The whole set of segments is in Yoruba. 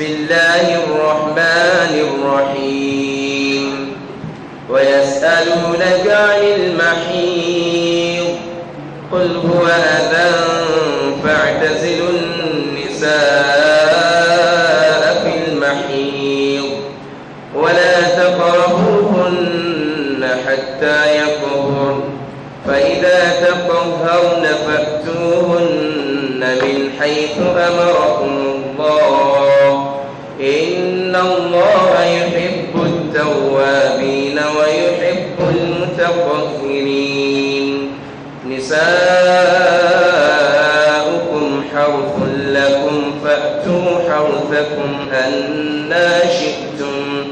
بسم الله الرحمن الرحيم ويسألونك عن المحيط قل هو أذى فاعتزلوا النساء في المحيط ولا تقربوهن حتى يطهرن فإذا تطهرن فأتوهن من حيث أمركم ربكم أنا شئتم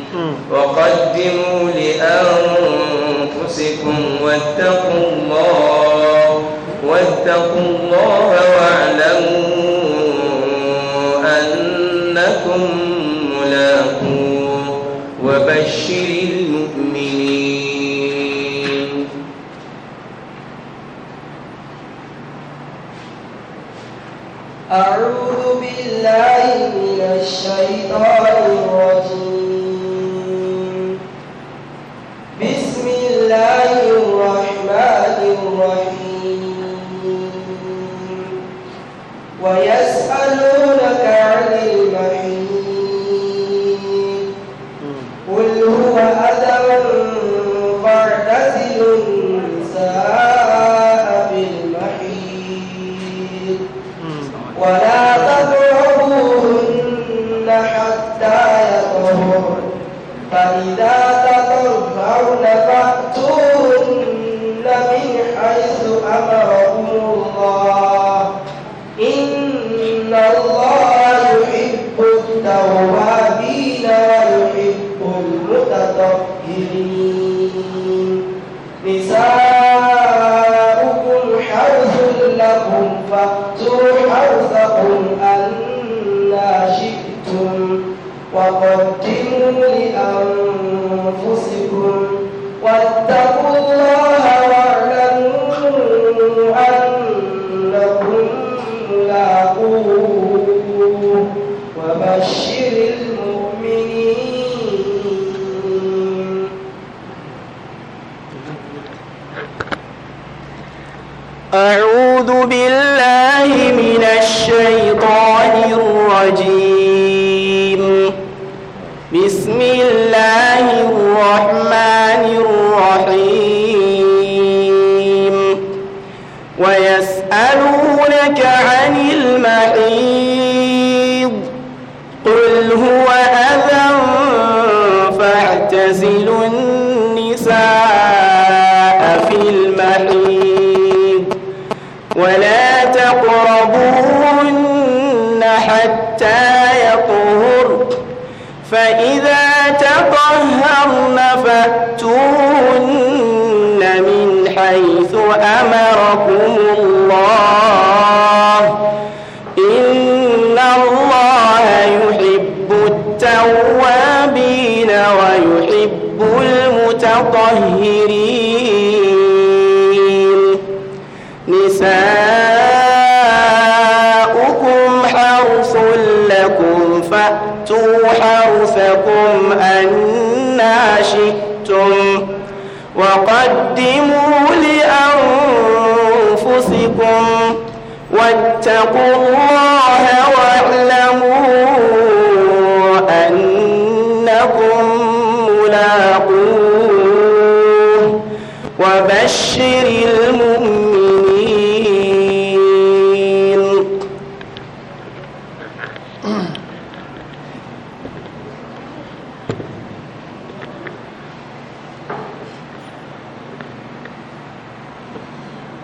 وقدموا لأنفسكم واتقوا الله واتقوا الله واعلموا أنكم ملاقوه وبشر الشيطان الرجيم بسم الله الرحمن الرحيم ويسألونك عن نساؤكم حرث لكم فاقتلوا حرثكم أنا شئتم وقدموا لأنفسكم واتقوا أعوذ بالله من الشيطان الرجيم بسم الله الرحمن الرحيم ويسألونك عن المحيض قل هو أذى فاعتزلوا فأتون من حيث أمركم الله إن الله يحب التوابين ويحب المتطهرين وقدموا لأنفسكم واتقوا الله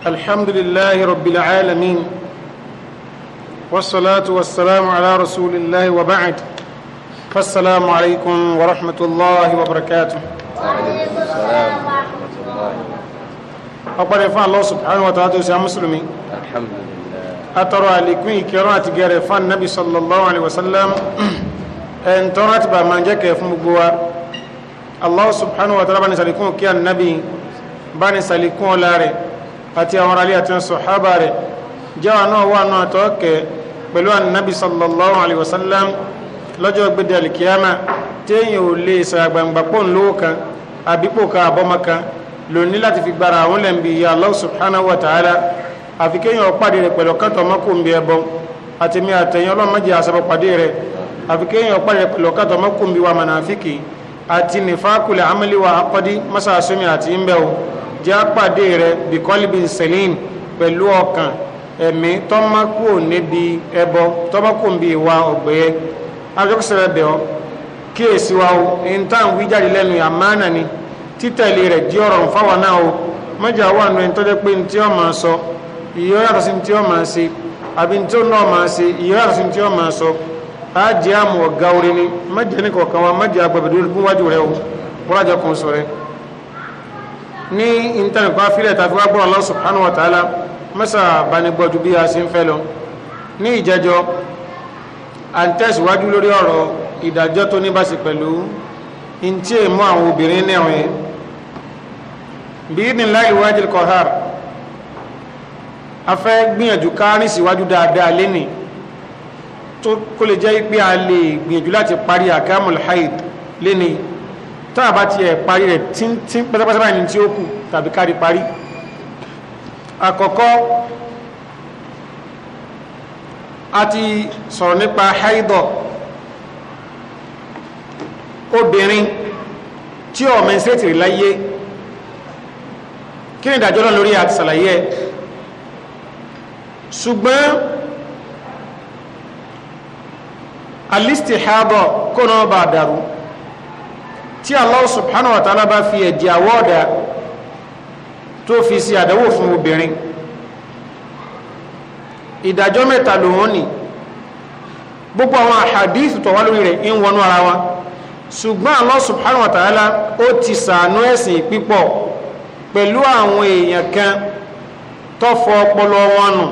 الحمد لله رب العالمين والصلاة والسلام على رسول الله وبعد فالسلام عليكم ورحمة الله وبركاته وعليكم السلام ورحمة الله أقبل يفعل الله سبحانه وتعالى يا مسلمين الحمد لله أترى عليكم كرات جرفان النبي صلى الله عليه وسلم أن ترات بما جاك يفمقوا الله سبحانه وتعالى بني سليكون كيان النبي بني سليكون لاري àti àwọn aráalé àti sọ̀hábà rẹ̀ jáwa náà wà náà tọ́ kẹ́ pẹ̀lú ànábì sallallahu alaihi wasallam, sallam lọ́jọ́ gbẹdẹ alikiyama téèyàn ò lè sàgbàǹgbà pọ̀ ńlọ́wọ́ kan àbípò kan àbọ́mọ kan lónìí láti fi gbára àwọn lẹ́m̀bì ìyá Allah subhanahu wa ta'ala àfi kéèyàn pàdé rẹ̀ pẹ̀lú kàtọ́ mọ́kùnbí ẹbọ àtẹ̀mí àtẹ̀yìn ọlọ́mọdé àṣàbọ̀ pàdé rẹ̀ àfi kéèyàn pàdé rẹ̀ pẹ̀lú kàtọ́ mọ́kùnbí wa mànàfíkì àti nìfàkùlẹ̀ amẹ́lẹ́wà akọ́dí mọ́sàásùmí àti ìmbẹ̀wò jẹ́ àpàdé rẹ̀ bíkọ́líbi sẹ́lẹ̀m pẹ̀lú ọkàn ẹ̀mí tọ́mọ́kù níbi ẹbọ tọ́mọ́kù níbi ìwà ọ̀gbẹ́yẹ ajọ́kọ̀sẹ̀rẹ̀ bẹ̀ kíyèsí wa o ní táwọn wí jáde lẹ́nu àmánà ni títẹ̀lé rẹ̀ jí ọ̀rọ̀ ń fáwọn náà o mọ́jà wà nù ẹni tọ́jẹ́ pé ní tí ó máa sọ ìyọ́ yàtọ̀ sí tí ó máa ṣe àbí tí ó náà máa ṣe ìyọ́ yàtọ̀ sí tí ó máa sọ àájẹ́ àmọ̀ ọ̀gá orin ni mọ́jà ní kọ̀ọ̀kan wa mọ́jà agbẹ̀bẹ̀dúró fún wájú rẹ o ní intanet bá fílẹ̀ tàbí wá gbọ́ Allah subhanahu wa ta'ala mẹ́sà bánigbọ́jú bí a ṣe ń fẹ́ lọ ní ìjẹjọ́ à ń tẹ̀síwájú lórí ọ̀rọ̀ ìdájọ́ tó ní bá ṣe pẹ̀lú in tí èmú àwọn obìnrin náà yẹn bí idhnillahi al-wahid al-qahhar a fẹ́ gbìyànjú káárín síwájú dáadáa lẹ́nì tó kó lè jẹ́ pé a lè gbìyànjú láti parí akamul haid lẹ́nìí tá a bá tiẹ̀ parí rẹ̀ tíntín pátápátá ní tí ó kù tàbí kárí parí àkọ́kọ́ a ti sọ̀rọ̀ nípa haidọ̀ obìnrin tí ó mẹ́sẹ̀tì rí láyé kí ni ìdájọ́ náà lórí àti sàlàyé ẹ̀ ṣùgbọ́n alistihaba kó náà bá dàrú tí Allah subhanahu wa ta'ala bá fi ẹ̀jẹ̀ àwọ́ọ̀dà tó fi sí àdánwò fún obìnrin ìdájọ́ mẹ́ta lòun ni gbogbo àwọn àhàdíth tó wá lórí rẹ̀ ń wọnú ara wọn ṣùgbọ́n Allah subhanahu wa ta'ala ó ti sàánú ẹ̀sìn pípọ̀ pẹ̀lú àwọn èèyàn kan tó ọpọlọ wọn nù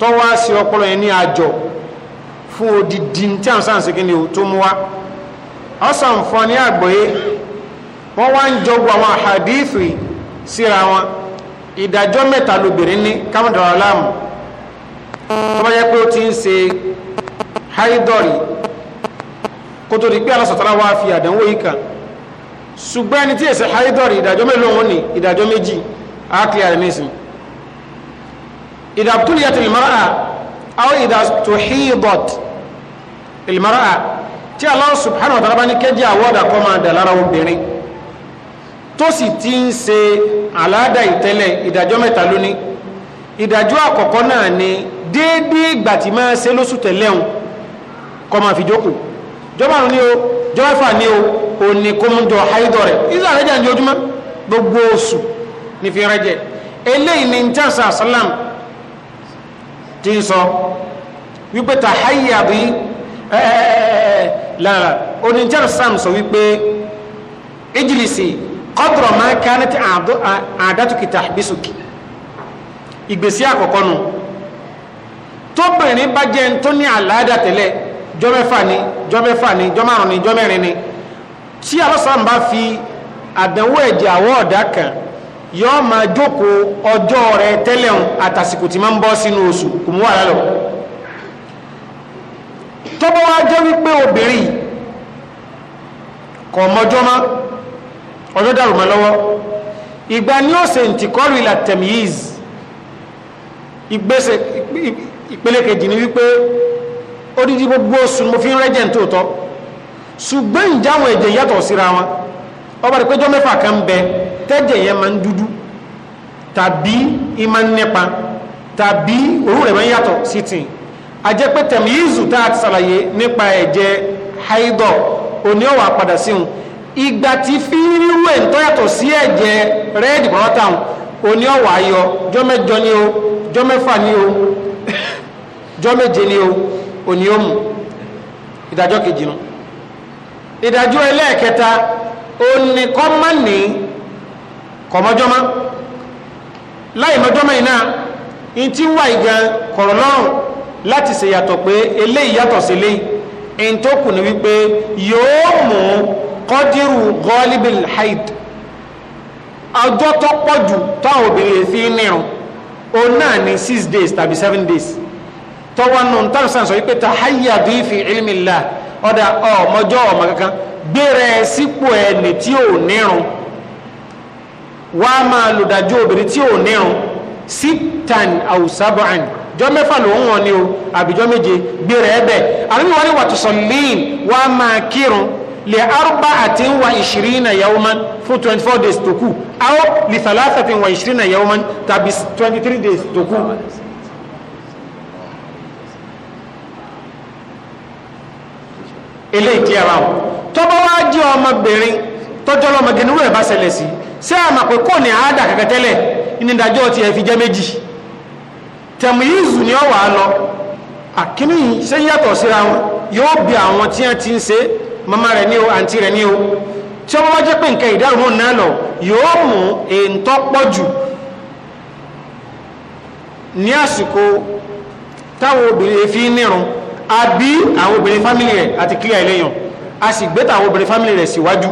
tó sí ọpọlọ yẹn ní àjọ fún odidi tí àwọn sáà ń ṣe tó mú wá ọsàn fún ní àgbọ́yé wọ́n wá ń jọ gbọ́ àwọn àhàdíìfì síra wọn ìdájọ́ mẹ́ta lóbìnrin ní kámọ́dọ̀rọ̀ aláàmù tó bá yẹ pé ó ti ń ṣe haidori kó tó di pé alásọ̀tara wá fi àdánwò yìí kan ṣùgbọ́n ẹni tí èsì haidori ìdájọ́ mélòó wọn ni ìdájọ́ méjì á kílẹ̀ rẹ̀ nísìn ìdàtúlẹ̀ tìlmọ́ra àwọn ìdàtúhìdọ̀t ìlmọ́ra tí Allah subhanahu wa ta'ala bá ní kéjì àwọ́dà kọ́ máa dà lára obìnrin tó sì ti ń ṣe àládà ìtẹ́lẹ̀ ìdájọ́ mẹ́ta lónìí ìdájọ́ àkọ́kọ́ náà ni déédéé ìgbà tí máa ṣe lóṣù tẹ̀lẹ́hùn kọ́ máa fi jókòó jọba ní o jọba fà ní o ò ní kó mú jọ haidọ̀ rẹ̀ ìlú àrẹ́jà ní ojúmọ́ gbogbo oṣù ní fi rẹ́jẹ eléyìí ni jásà sálàm ti ń sọ wípé tàháyà bí ẹ̀ẹ́ lára oníjẹ́rù sam sọ wípé ijilisi kọ́tọ̀rọ̀ máa ká ní ti àdátùkì tàbísùkì ìgbésí àkọ́kọ́ nu tóbìnrin bá jẹ́ tó ní àlàádà tẹ́lẹ̀ jọ́mẹ́fà ni jọ́mẹ́fà ni jọ́márùn ni jọ́mẹ́rin ni tí alọ́sàn bá fi àdánwò ẹ̀jẹ̀ àwọ̀ ọ̀dà kan yọ́ máa jókòó ọjọ́ rẹ̀ tẹ́lẹ̀ àtàsìkò tí máa ń bọ́ sínú oṣù kò lọ tó bá wá jẹ́ wípé obìnrin kọ̀ mọ́jọ́ mọ́ ọjọ́ dàrú mọ́ lọ́wọ́ ìgbà ní ọ̀sẹ̀ ìtìkọ́rù ìlà tẹ̀míyìz ìgbésẹ̀ ìpele kejì ni wípé odidi gbogbo oṣù mo fi ń rẹ́jẹ̀ nítòótọ́ ṣùgbọ́n ìjáwọn ẹ̀jẹ̀ yàtọ̀ síra wọn ọba rẹ̀ péjọ mẹ́fà kan bẹ tẹ́jẹ̀ yẹn máa ń dúdú tàbí ìmá nípa tàbí òórùn máa ń yàtọ̀ sí tìǹ ajẹ́ pé tẹ̀míyìzù tá a ti ṣàlàyé nípa ẹ̀jẹ̀ haidọ̀ òní ọ̀wà padà sí wọn ìgbà tí fíríwú ẹ̀ ń tọ́ yàtọ̀ sí ẹ̀jẹ̀ rẹ́ẹ̀dì pọ̀lọ́tà wọn òní ọ̀wà ayọ jọ́mẹ́jọ ni o jọ́mẹ́fà ni o jọ́mẹ́je ni o òní ó ìdájọ́ kejì nu ìdájọ́ ẹlẹ́ẹ̀kẹta òní kọ́ kọ̀mọ́jọ́mọ́ láì mọ́jọ́mọ́ yìí náà wà ìgbà kọ̀rọ̀ láti ṣe yàtọ̀ pé eléyìí yàtọ̀ sí eléyìí in tó kù ní wípé yóò mú kọ́dírù gọ́ọ́líbìl haid ọjọ́ tó pọ̀ jù táwọn obìnrin fi ń nírun òun náà ní six days tàbí seven days tọ́wọ́n nù tán sàn sọ wípé tahayya bí fi ilmìlá ọ̀dà ọmọjọ́ ọmọ kankan gbére sípò ẹni tí ò nírun wàá máa lòdàjú obìnrin tí ò nírun sittan aw sab'an jọ mẹ́fà ló ń wọn ni o àbíjọ méje gbére ẹbẹ àlùmí wọn ni wàtò sọlíìn wà máa kírun lè arúgbà àti ń wa ìṣirí na yawman fún twenty four days tó kù àwọn lè sàlásà wa ìṣirí na yawman tàbí twenty three days tó kù. ilé ìdí ara wọn tọ́bọ́ wá jẹ́ ọmọbìnrin tọ́jọ́ lọ́mọgẹ̀nìwó ẹ̀ bá ṣẹlẹ̀ sí sí àmàpẹ́ kò ní àádà kẹ̀kẹ́ tẹ́lẹ̀ ìnídàájọ́ ti ẹ̀ fi jẹ́ méjì tẹ̀mùyíìzù ni ọ wà á lọ àkíní ṣe ń yàtọ̀ síra wọn yóò bí àwọn tí wọ́n ti ń ṣe mama rẹ̀ ní o àǹtí rẹ̀ ní o tí wọ́n bá jẹ́ pé nǹkan ìdáhùn náà lọ yóò mú èntọ́ pọ̀ jù ní àsìkò táwọn obìnrin fi ń nírun àbí àwọn obìnrin fámìlì rẹ̀ àti kílíà ẹlẹ́yàn a sì gbé tàwọn obìnrin fámìlì rẹ̀ síwájú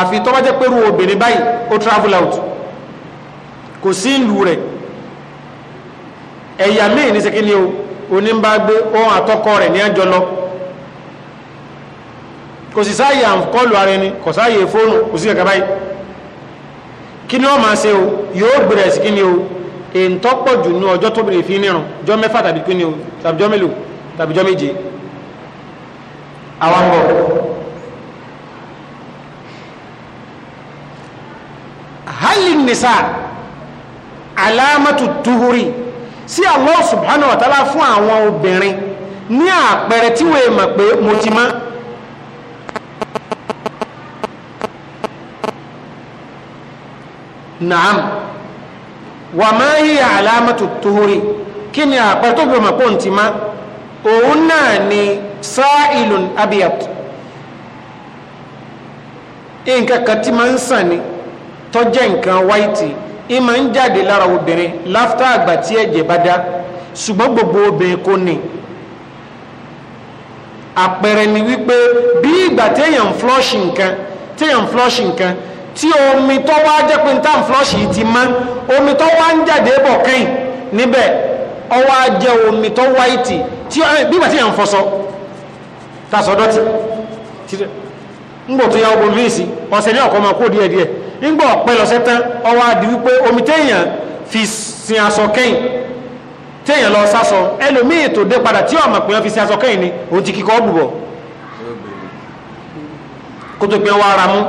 àfi tó jẹ́ pé irú obìnrin báyìí ó travel out kò sí ìlú rẹ̀ ẹ̀yà míì ní sekí ni o onímbàgbé ohun àtọkọ rẹ̀ ní àjọ lọ kò sì sáàyè àkọlù ara ẹni kò sáàyè fóònù kò sí kẹ̀kẹ́ báyìí kí ni wọ́n máa ṣe o yóò bẹ̀rẹ̀ sí kí ni o èntọ́ pọ̀ jù ní ọjọ́ tó bẹ̀rẹ̀ fi nírun jọ mẹ́fà tàbí kí ni o tàbí jọ mélòó tàbí jọ méje àwọn halin hali nisa alamatu tuhuri sí Allah subhanahu wa ta'ala fún àwọn obìnrin ní àpẹẹrẹ tí wọ́n mọ̀ pé mo ti mọ́ naam wa ma hiya alamatu tuhuri kí ni àpẹẹrẹ tó fi mọ̀ pé o ti mọ́ òun náà ni sa'ilun abiyat nǹkan kan tí máa ń sàn ni tó nǹkan wáìtì ìmọ̀ njade jáde lára obìnrin agba àgbà tí ẹ̀jẹ̀ bá dá ṣùgbọ́n gbogbo obìnrin kò ní àpẹẹrẹ ni wípé bí ìgbà téèyàn ń nǹkan téèyàn ń nǹkan tí omi tó wá jẹ́ pé n tàn flọ́ọ̀ṣì ti mọ́ omi tó wá ń jáde bọ̀ kẹ́yìn níbẹ̀ ọwọ́ á jẹ́ omi tó wáìtì tí bí ìgbà téèyàn fọṣọ tasọ̀dọ́tì ń tó yá ọ̀sẹ̀ ní ọ̀kọ́ máa kó nígbà ọ̀pẹ lọ́sẹ̀ tán ọwọ́ adi omi téèyàn fi sin aṣọ kẹ́yìn téèyàn lọ sásọ ẹlòmíì tó dé padà tí ọmọ pé fi sin aṣọ kẹ́yìn ni òun ti kíkọ́ bùbọ̀ kó tó pé wọ́n ara mú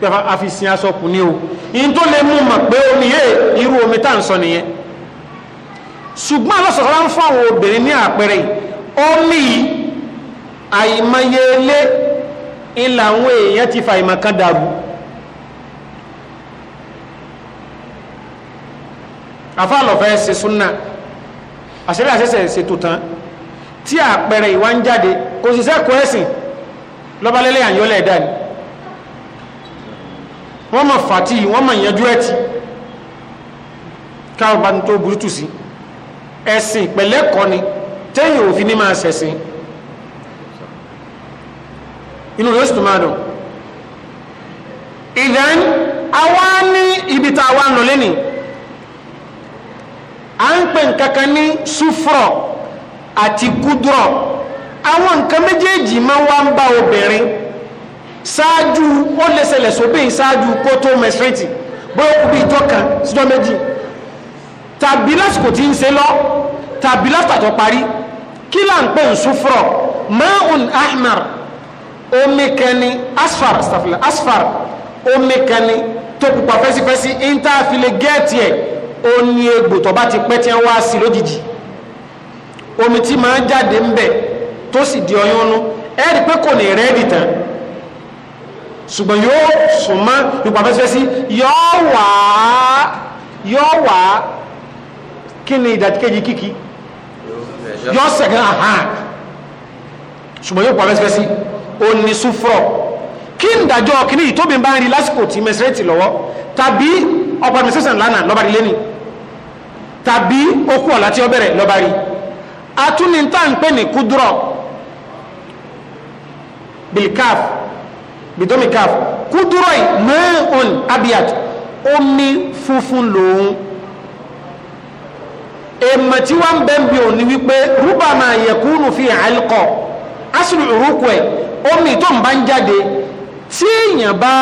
pé a fi sin aṣọ kù ní o ìyẹn tó lè mú mọ̀ pé omi yé irú omi tá à ń sọ nìyẹn ṣùgbọ́n alọ́sọ̀rọ̀ ń fún obìnrin ní àpẹẹrẹ omi àìmọye ìlànà èèyàn ti fa ìmọ̀ kan dàrú àfáà lọ́fẹ́ ṣe súnà àṣírí àṣẹṣẹ ṣètò tán tí àpẹẹrẹ ìwà ń jáde kò sì sẹ́kọ̀ọ́ ẹ̀sìn lọ́balẹ́lẹ́ àyọ́lẹ̀ ẹ̀dá ni wọ́n mọ̀ fàtí wọ́n mọ̀ ìyẹnjú ẹ̀tì káàbà tó burútù sí ẹ̀sìn pẹ̀lẹ́kọ́ ni tẹ́yìn òfin ní máa ṣẹ̀sìn inú rẹ̀ sùtù máa dùn ìdán àwa ní ibi tá a wà ń lọ lẹ́nìí à ń pè nkankan ní sufrọ̀ àti kúdùrọ̀ àwọn nǹkan méjèèjì máa ń wá ń bá obìnrin ṣáájú ó lè ṣẹlẹ̀ sóbìn ṣáájú kó tó mẹsírẹ́tì bóyá kú bí ìjọ kan síjọ méjì tàbí lásìkò tí ń ṣe lọ tàbí látàtọ̀ parí kí là ń pè ń sufrọ̀ maun ahmar omi kẹni asfar asfar omi kẹni tó pupa fẹsifẹsi ń gẹ́ẹ̀tì ẹ̀ ó ní egbò tó bá ti pẹ́ tí wọ́n wá sí lójijì omi tí máa ń jáde ń bẹ̀ tó sì di ọyún nú ẹ rí pé kò ní rẹ́ẹ̀dì tán ṣùgbọ́n yóò sùn mọ́ ìgbà fẹ́sẹ̀ yóò wá yóò wá kí ni ìdàtíkejì kíkí yóò sẹ̀gán àhán ṣùgbọ́n yóò pọ̀ fẹ́sẹ̀ ó ní súfrọ̀ kí ń dájọ́ kí ní ìtóbi bá ń rí lásìkò tí mẹsẹ̀rẹ́tì lọ́wọ́ tàbí ọ̀pọ̀ administration lánàá lọ́ba rí lẹ́ni tàbí okú ọ̀la tí ó bẹ̀rẹ̀ lọ́ba atúni tá ń pè ní kúdúrọ̀ bilkaf bidomikaf kúdúrọ̀ yìí mẹ́ọ̀n abiyat omi funfun lòun èèmọ̀ tí wọ́n ń bẹ́ ń bi òní wípé rúbà máa yẹ kúrú fi àìlkọ̀ asùn ìrúkọ ẹ̀ omi tó ń bá ń jáde tí èèyàn bá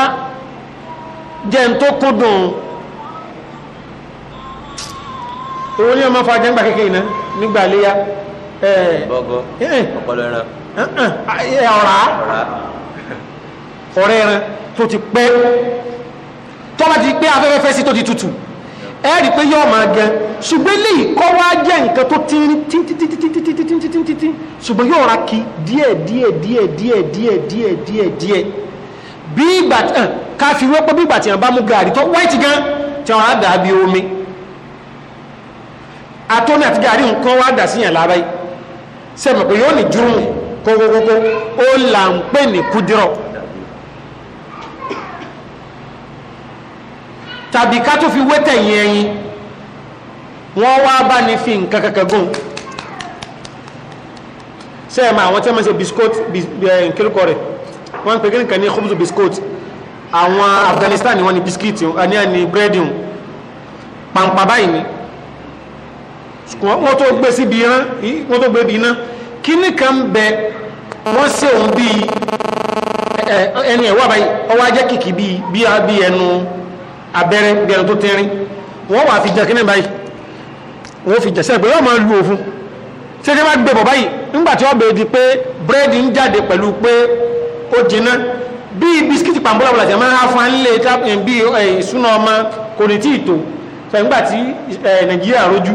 jẹun tó kúndùn owó ní ọmọ fàájẹ́ ńgbà kékeré náà nígbà léyà bọ́gọ́ ọpọlọ ẹran ọ̀rá ọ̀rẹ́ ẹran tó ti pẹ́ tọ́lá ti pé afẹ́fẹ́ fẹ́ sí tó ti tutù ẹ rí pé yóò máa gan ṣùgbọ́n lè kọ́ wá jẹ́ nǹkan tó tíntíntíntíntíntíntíntíntíntín ṣùgbọ́n yóò ra kí díẹ̀ díẹ̀ díẹ̀ díẹ̀ díẹ̀ díẹ̀ díẹ̀ díẹ̀ bí ìgbà ká fi wọ́pọ̀ bí ìgbà tí wọ́n bá mú gàrí tó wáìtì gan tí wọ́n á dàbí omi atóni àti gàrí nǹkan wá dà síyàn lábáyé sẹ́mi pé yóò ní júrùmù kókókókó ó là ń pè ní kúdírọ̀ tàbí ká tó fi wẹ́tẹ̀ yẹn ẹyin wọ́n wá bá ní fi nǹkan kankan gùn sẹ́ẹ̀mà àwọn tí wọ́n ṣe biscuit nkílùkọ rẹ̀ wọ́n ń pè kí nìkan ní khubzu biscuit àwọn Afghanistan ni wọ́n ni biscuit ní àní búrẹ́dì pàǹpà báyìí ni wọ́n tó gbé síbi iná wọ́n tó gbé bí iná kí ní kan bẹ wọ́n sí òun bí ẹni ẹ̀wọ́ àbáyé ọwọ́ ajẹ́ kìkì bí bí a bí ẹnu abẹ́rẹ́ bí ẹnu tó tẹ́rín wọ́n wà fi jẹ́ kí ní báyìí wọ́n fi jẹ́ sẹ́yìn pé wọ́n máa lu òfun tí wọ́n bá gbé bọ̀ báyìí nígbà tí wọ́n bèè di pé búrẹ́dì ń jáde pẹ̀lú pé ó jiná bí bisikíìtì pàmbọ́lá wọlé àti máa fún alẹ́ bí ìsúná ọmọ kò ní tí ì tó fẹ̀ nígbà tí Nàìjíríà rojú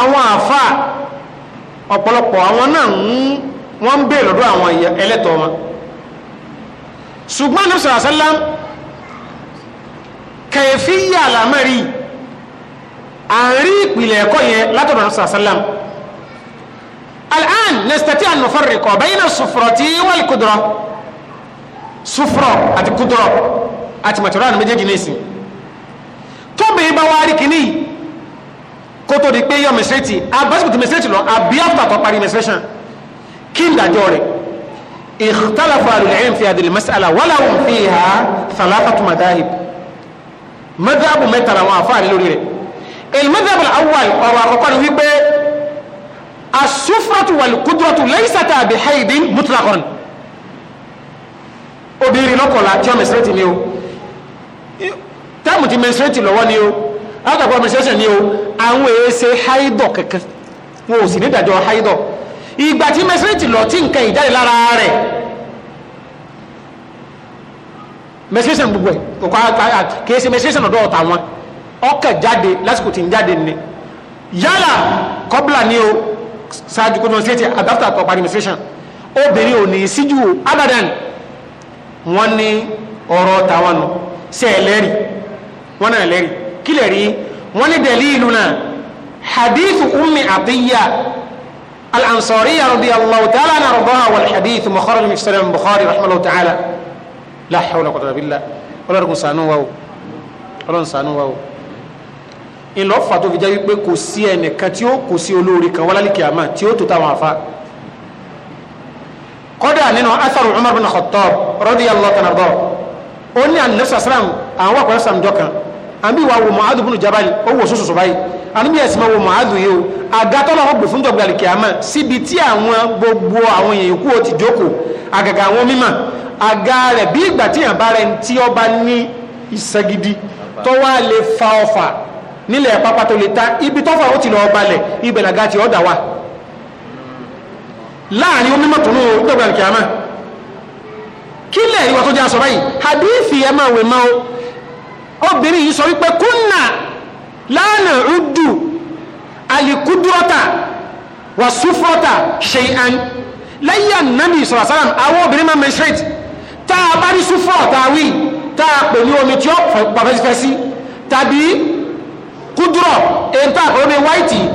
àwọn àfà ọ̀pọ̀lọpọ̀ àwọn náà wọ́n ń bèèrè lọ́dọ̀ àwọn ẹlẹ́tọ̀ wọn ṣùgbọ́n ní sàrásálá kẹfí yà àlámẹ́rí àárí ìpìlẹ̀ ẹ̀kọ́ yẹn látọ̀dọ̀ ní sàrásálá al'an nastati an nufarriqu bayna sufrati wal qudra sufra àti ní méjèèjì ní ìsìn tóbi bá wá rí kó tó di pé yọ mẹsẹ̀rẹ̀tì abásìkò ti mẹsẹ̀rẹ̀tì lọ àbí after tó parí mẹsẹ̀rẹ̀ṣàn kí n dàjọ́ rẹ̀ ikhtalafa al-'ilm fi hadhihi al-mas'ala wa lahum fiha thalathatu madahib madhabu mẹ́ta làwọn àfáàrí lórí rẹ̀ al-madhhab al-awwal ọ̀rọ̀ àkọ́kọ́ ni wípé asúfúrọ̀tù wal qudratu laysata bihaidin mutlaqan obìnrin lọ́kọ̀ọ́lá tí ọ látọ̀kọ́ administration ni o àwọn èèṣe haidọ̀ kankan wọn ò sì nídàjọ́ haidọ̀ ìgbà tí t'i lọ tí nǹkan ìjáde lára rẹ̀ mẹsírẹ́sìn gbogbo ẹ̀ òkú ka ṣe ọ̀dọ́ ọ̀tà wọn ọkẹ̀ jáde lásìkò tí ń jáde ni yálà kọ́bùlà ni o ṣáájú kó tún ṣe àdáfítà tó kílẹ̀ rí wọ́n ní daliluna hadithu ummi atiyya al-ansariya radiyallahu ta'ala anha ardaha wal hadithu mọ̀kọ́rọ̀ ní sọ́dọ̀ bukhari rahmanahu ta'ala la hawla wa quwwata billah ọlọ́run sànú wa o ọlọ́run sànú wa o ìlọ́ fà tó fi jẹ́ wípé kò sí ẹnìkan tí ó kò sí olóore kan wọ́n lálẹ́ kìámà tí ó tó táwọn àfa kódà nínú atharu umar bin khattab radiyallahu ta'ala ó ní ànílẹ́sọ̀ sàrán àwọn wà kan àbí wa wo mu'adu bunu jabali ó wò sọ́sọ́sọ́ báyìí àníbi ẹ̀sìn máa wo mu'adu yìí o àga tọ́lọ́ ọgbẹ̀ fún jọ̀gbìn àlìkè àmọ́ síbi tí àwọn gbogbo àwọn èèyàn kú ó ti jókòó àgàgà àwọn mímọ̀ àga rẹ̀ bí ìgbà tí yàn bá rẹ̀ tí ó bá ní ìsagidi tó wá lè fa ọfà nílẹ̀ pápá tó lè ta ibi tọ́fà ó ti lọ balẹ̀ ibẹ̀ làga ti ọ̀dà hadithi ẹ̀ máa obìnrin yìí sọ wípé kúnnà lánà udu alikudurọta wasufurọta ṣeyan lẹ́yìn ànábì sọ̀rọ̀ sálàm àwọn obìnrin máa menstruate tá a bá rí sufurọ tá a wí tá a pè ní omi tí ó pàfẹ́sífẹ́sí tàbí kúdúrọ̀ èyí tá a pè ní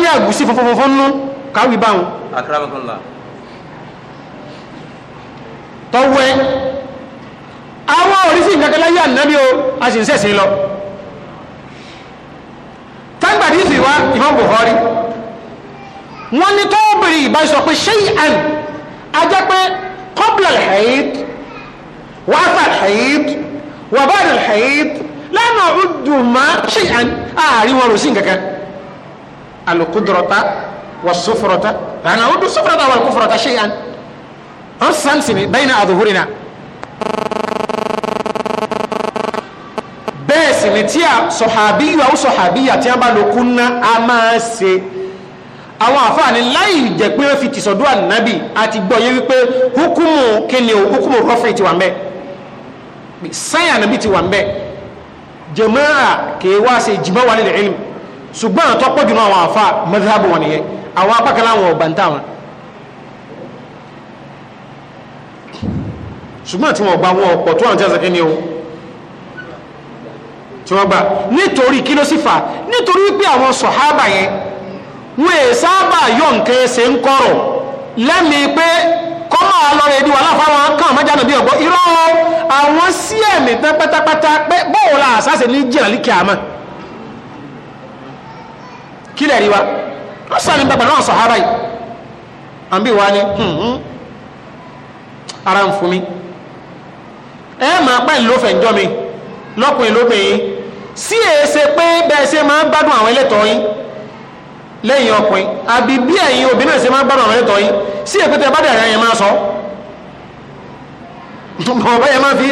ní àgùsí funfunfunfun káwí báwọn. tọ́wẹ́ àwọn orísìí nǹkan kẹlẹ́ yà nàbí o a sì ń sẹ̀sìn lọ tágbàdí sì wá Imam Bukhari wọ́n ní tóbìnrin ìbá sọ pé shay'an ajẹ́ pé qabla al-hayd wa afa al-hayd wa ba'da al-hayd la na'uddu ma shay'an ààrin wọn orísìí nǹkan kan al-qudrata was-sufrata la na'uddu as-sufrata wal ọ̀sán sì ni bayna adhhurina bẹ́ẹ̀ sì ni tí a sọ̀hábíyù àwọn sọ̀hábíyà tí a bá lo kúnná a máa ṣe àwọn àfáàní láì jẹ́ pé wọ́n fi tìsọ̀dọ̀ ànábì àti gbọ́yé wípé hukumu kíni o hukumu rọ́fì ti wà ń bẹ sáyà ànábì ti wà ń bẹ jẹ̀mọ́ra kìí wá ṣe ìjìmọ́ nílẹ̀ ilm ṣùgbọ́n àtọ́pọ̀ jùlọ àwọn àfáà madhhabu wọn nìyẹn àwọn apákan láwọn ṣùgbọ́n tí wọ́n gba wọn ọ̀pọ̀ tó àwọn tí a sẹ́kẹ́ ni o tí wọ́n gbà nítorí kí ló sì fà nítorí wípé àwọn sọ̀hábà yẹn wọ́n è sábà yọ nǹkan ẹsẹ̀ ń kọ̀rọ̀ lẹ́mi pé kọ́ máa lọ rẹ̀ ìdíwọ̀ aláfáwọn kan mẹ́jà nàbí ọ̀gbọ́ irọ́ àwọn sí ẹ̀mí tán pátápátá pé bóòwò la àṣàṣe ní jìnnà líkì àmọ́ kí lẹ̀ rí wa wọ́n sọ ní bàbá náà sọ̀hábà yìí àbí wa ni hmm, hmm, ara ń fún mi ẹ máa pẹ́ ńlọ́fẹ̀ ńjọ́ mi lọ́kùnrin lóbìnrin sí èsè pé bẹ́ẹ̀ ṣe máa ń gbádùn àwọn ẹlẹ́tọ̀ọ́ yín lẹ́yìn ọkùnrin àbí bí ẹ̀yin obìnrin ṣe máa ń gbádùn àwọn ẹlẹ́tọ̀ọ́ yín sí èpè tẹ bá dẹ̀ ara yẹn máa sọ bàbá yẹn máa fi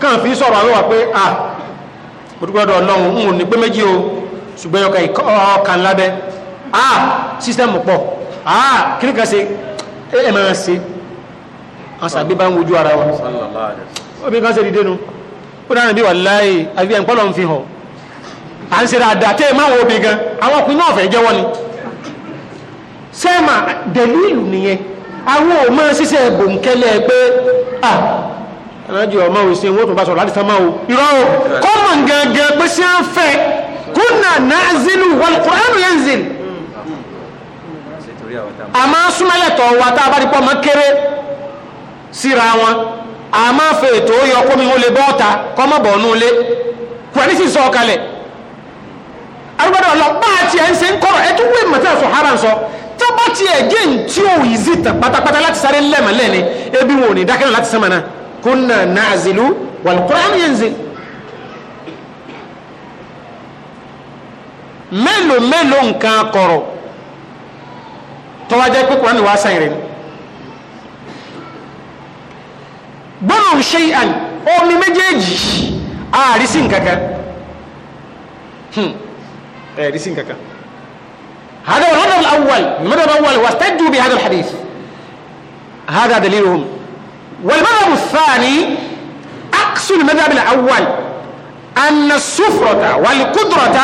kàn fi sọ̀rọ̀ àwọn wà pé à mo dúpẹ́ lọ́dọ̀ ọlọ́run n ò ní pé méjì o ṣùgbọ́n ọkà ọkàn lábẹ́ à sísítẹ́mù pọ̀ à kíríkà ṣe ẹ̀ẹ̀mọ̀ ṣe àṣàbí bá ń wojú ara wọn. omi kan ṣe dìde nu ó dáná bí wàláyé àbí ẹ̀ ń pọ́lọ̀ ń fi hàn à ń ṣe dáadáa tẹ́ ẹ máa àwọn ọkùnrin náà fẹ́ jẹ́wọ́ ni sẹ́ẹ̀mà nìyẹn àwọn ò máa ṣiṣẹ́ bòńkẹ́lẹ́ pé à bá sọ̀rọ̀ láti sánmà o irọ́ o kọ́mọ̀ gẹ́gẹ́ pé ń fẹ́ náà a súnmọ́lẹ̀ tọ̀ wa tá a a máa fẹ́ ètò yọ kómi ó lè bọ́ọ̀ta kọ́mọ̀ bọ̀ ọ́nú lé kùrẹ́lì sì sọ ọ̀kalẹ̀ arúgbọ́dọ̀ lọ bá a tiẹ̀ ń ṣe ń kọ́rọ̀ ẹ tó wé mọ̀tẹ́ sọ hara sọ tó bá tiẹ̀ jẹ́ ń tí ò yí sí tàn pátápátá láti sáré lẹ́mọ̀ lẹ́ni ebi wọn ò ní dákẹ́ láti sẹ́mọ̀ náà kunna na'zilu wal Qur'an yanzil mélòó mélòó nǹkan kọ̀rọ̀ tọ́wájẹ́ pé kùránì wá sáyẹn rẹ̀ ni gbọ́nà ṣe àn omi méjèèjì àrísí nkankan àrísí nkankan هذا هو المذهب الأول المذهب الأول واستجوا بهذا الحديث هذا دليلهم والمذهب الثاني أقصى المذهب الأول أن السفرة والقدرة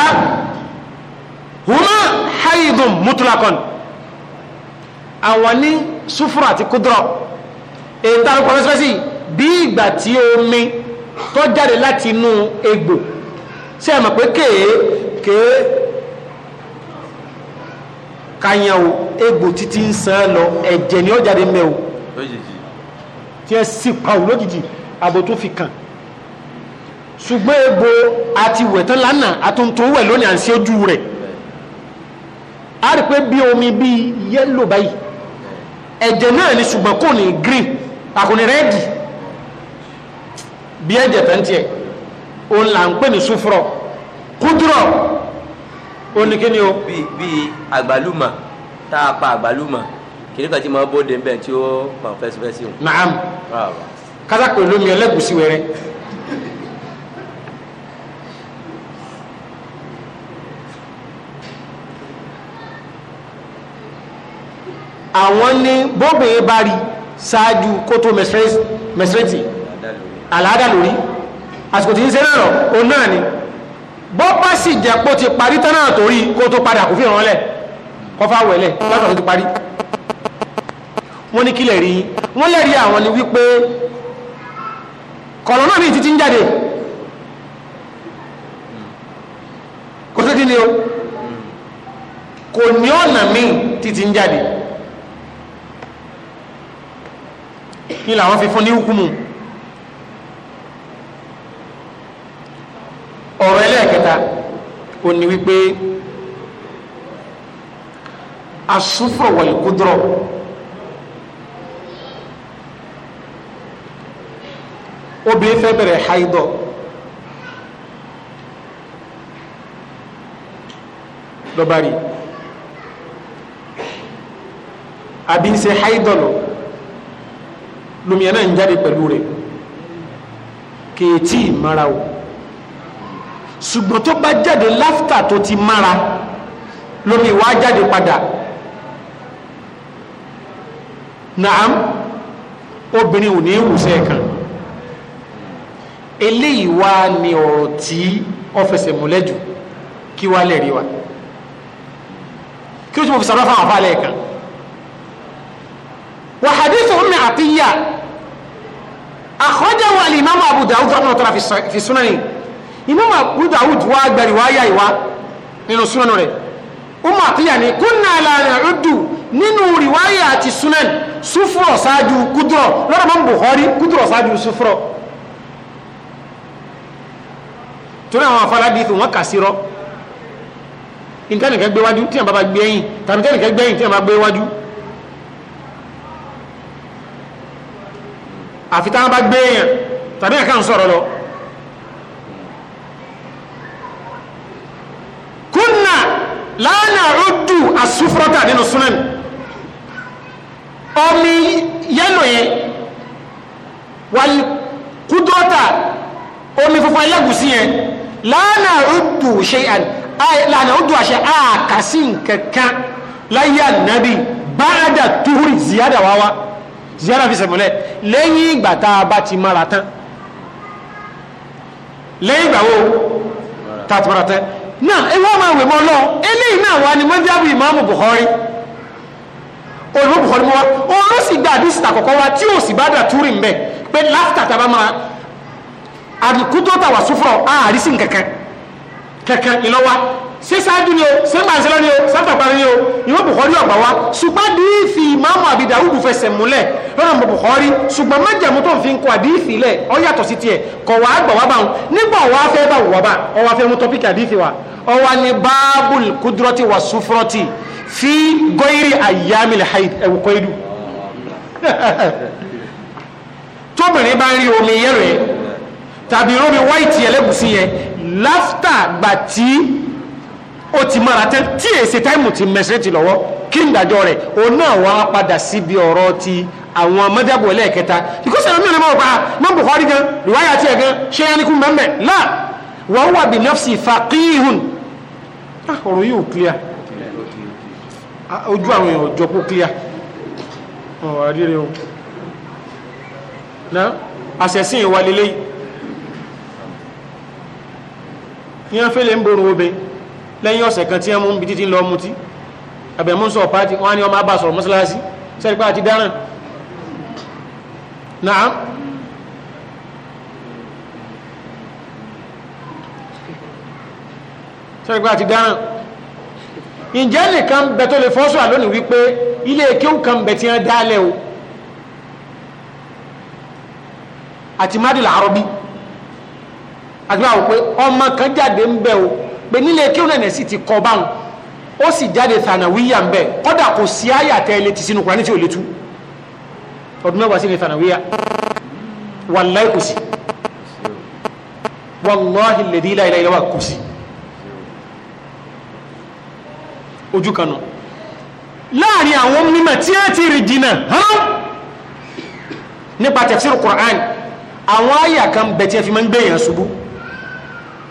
هما حيض مطلقا أولي سفرة قدرة إن تعرف قمس bí ìgbà tí omi tó jáde láti inú egbò sí ẹ̀mọ̀ pé kéè kéè kàyàn o egbò títí ń san lọ ẹ̀jẹ̀ ni ó jáde mẹ́ o tí ẹ sì pa ò lójijì àbò tó fi kàn ṣùgbọ́n egbò àti wẹ̀tán lánàá àtúntò wẹ̀ lónìí à ń sí ojú rẹ̀ a rí pé bí omi bí yẹ́lò báyìí ẹ̀jẹ̀ náà ni ṣùgbọ́n kò ní green àkùnrin rẹ́ẹ̀dì bí ẹ̀jẹ̀ tẹ́ntìẹ̀ òun là ń pè ní súfúrọ̀ kúdúrọ̀ ó ní kí ni o. bí bí àgbàlùmọ̀ tá a pa àgbàlùmọ̀ kìnìún kan tí mo bóde nbẹ tí ó pa fẹsifẹsi o. naam kásákò lómi ẹlẹgùsí wẹrẹ. àwọn ní bóbìnrin bá rí ṣáájú kótó mẹsẹrẹtì àlàádà lórí àsìkò tí ń ṣe náà ó náà ni bó bá sì jẹ́ pó ti parí tán náà torí kó tó padà kò fi ràn lẹ̀ kọ́ fà wẹ̀lẹ̀ lọ́tọ̀ tó ti parí wọ́n ní kílẹ̀ rí wọ́n lẹ́rí àwọn ni wípé kọ̀lọ̀ náà ní jáde kò tó kí ni o kò ní ọ̀nà míì títí jáde ní làwọn fi fún ní hukumu ọ̀rọ̀ ẹlẹ́ẹ̀kẹta ó ní wípé asúfọ̀ wàlúkúdúrọ̀ obìnrin fẹ́ bẹ̀rẹ̀ haidọ̀ lọ́bàrí àbí ń ṣe haidọ̀ lọ lómìnira ń jáde pẹ̀lú rẹ̀ kèétí ìmára ṣùgbọ́n tó bá jáde láftà tó ti mára lómi ìwà jáde padà naam obìnrin ò ní ìwòsẹ̀ kan eléyìí wá ní ọ̀rọ̀ tí ó fẹsẹ̀ múlẹ̀ jù kí wá lẹ̀rí wa kí ló tí mo fi sọ̀rọ̀ fáwọn afáàlẹ̀ kan wà hadithu Ummi Atiyya akhrajahu al-Imam Abu Dawud ọ̀nà fi súnáyìn Imam Abu Dawud wá gbẹ̀rì wá yá ìwá nínú súnánù rẹ̀ ọmọ àtìyà ni kúnnà ìlànà ọdù nínú rìwáyà àti súnán súfúrọ̀ ṣáájú kúdùrọ̀ lọ́dọ̀ mọ́ Bukhari kúdùrọ̀ ṣáájú súfúrọ̀ torí àwọn afọládìí fún wọn kà sí rọ́ ìtẹ́nìkẹ́ gbé wájú tí àbábá gbé ẹ̀yìn tàbí tẹ́nìkẹ́ gbé ẹ̀yìn tí àbá gbé wájú àfi táwọn bá gbé èèyàn tàbí ẹ̀ká ń sọ̀rọ̀ lọ lánà ọdún asúfúrọ́tà nínú súnámì omi yẹ́lò yẹn wàlí kúdọ́tà omi funfun ẹlẹ́gùsí yẹn lánà ọdún ṣe lánà ọdún àṣẹ àkàsí nkankan láyé ànábì báadà túhùrì ziyada wáwá ziyada fi sẹ̀mọ́lẹ̀ lẹ́yìn ìgbà tá a bá ti mara tán lẹ́yìn ìgbà wo tá mara tán náà ewé ọmọ ìwé mọ́ lọ eléyìí náà wà ní mọ́jábù ìmáàmù buhari olùmọ̀ Bukhari mọ́ wa òun ló sì gba àdìsí àkọ́kọ́ wa tí ò sì bá dà túrì ń bẹ̀ pé láfítà tàbá máa àdìkú tó tà wà súnfọ̀ àárísí nǹkankan kankan ìlọ́wà sísáájú ni o sẹ́gbàṣẹ́lá ni o sátàparí ni o ìwọ Bukhari ọ̀gbà wa ṣùgbọ́n díìfì ìmáàmù àbí Dawudu fẹsẹ̀ múlẹ̀ lọ́nà Bukhari ṣùgbọ́n májàmú tó ń fi ń kọ àdíìfì lẹ̀ ọ yàtọ̀ sí tiẹ̀ kọ̀ wá gbà wá bá nígbà wá fẹ́ bá wọ̀ bá ọ fẹ́ mú tọ́píkì àdíìfì wa ọ wá ní báábùl wà súfúrọ́tì fi gọ́írì àyàmìl haid láftà gbà tí ó ti mara tẹ́ tí èsì táìmù ti mẹ́sẹ̀ ti lọ́wọ́ kí n dájọ́ rẹ̀ òun náà wá padà síbi ọ̀rọ̀ ti àwọn mọ́jábọ̀ ẹlẹ́ẹ̀kẹta because ẹ̀rọ mìíràn máa pa mọ́ Bukhari gan rìwáyà tí ẹ̀ gan ṣé yánikú mẹ́mẹ́ náà wọ́n wà bí nafsi faqihun ah, ọ̀rọ̀ yóò clear ah, ojú àwọn èèyàn jọ kó clear ọ̀rọ̀ àdírẹ́ o náà àṣẹ̀sìn ìwà lélẹ́yìí ní wọ́n fẹ́lẹ̀ ń borun obe lẹ́yìn ọ̀sẹ̀ kan tí wọ́n mú bí títí lọ mutí àbẹ̀mú sọ pàtí wọ́n á ní ọmọ abá sọ̀rọ̀ mọ́sálásí sẹ́rí pàtí dáràn náà sẹ́rí pàtí dáràn ǹjẹ́ nìkan bẹ tó lè fọ́sọ̀ àlónìí wípé ilé kéwù kan bẹ tí wọ́n dálẹ̀ o àti mádìlá àrọ́bí àti báwo pé ọmọ kan jáde ń bẹ o pé nílé kí ònà ẹ̀sì ti kọ báwọn ó sì jáde tànàwíyà ń bẹ kọ́dà kò sí àyà tẹ́ ilé ti sínú kùránì tí ò lè tú ọdún mẹ́wàá sí ni tànàwíyà wàláì kò sí wàláhì lèdí ìlàìlà ìlàwà kò sí ojú kan nù láàrin àwọn mímọ̀ tí a ti rí jìnà hàn nípa tafsir kùránì àwọn àyà kan bẹ̀ tí a fi máa ń gbẹ̀yàn ṣubú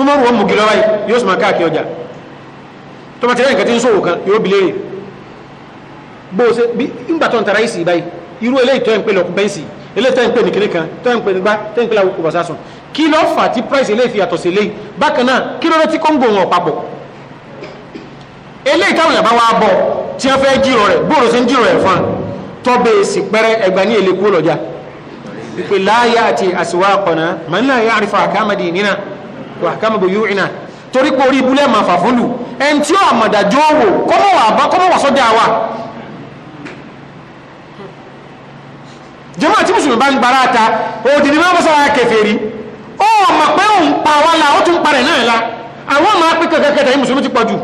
umaru wọn mugi lọ́wọ́ yóò sì máa káàkiri ọjà tó bá ti rẹ́ nǹkan tí ń sòwò kan yóò bi léèrè bó o ṣe bí ńgbà tó ń tara ìsì báyìí irú eléyìí tó ń pè lọ́kùn bẹ́ǹsì eléyìí tó ń pè nìkiri kan tó ń pè nígbà tó ń pè láwùkù bọ̀sá sùn kí ló fà tí price eléyìí fi yàtọ̀ sí eléyìí bákan náà kí ló wàhákàmù bò yúrìnà torí pé orí ibúlẹ̀ máa fà fún lù ẹn tí ó àmọ̀dájọ́ wò kọ́mọ̀ wà bá kọ́mọ̀ wà sọ́jà wa. jẹ́wọ́n àti mùsùlùmí bá ń gbára ta òdì ni wọ́n bá sára kèfèrí ó mọ̀ pé òun pa wá la ó tún parẹ̀ náà la àwọn máa pín kankan kẹta mùsùlùmí ti pọ̀ jù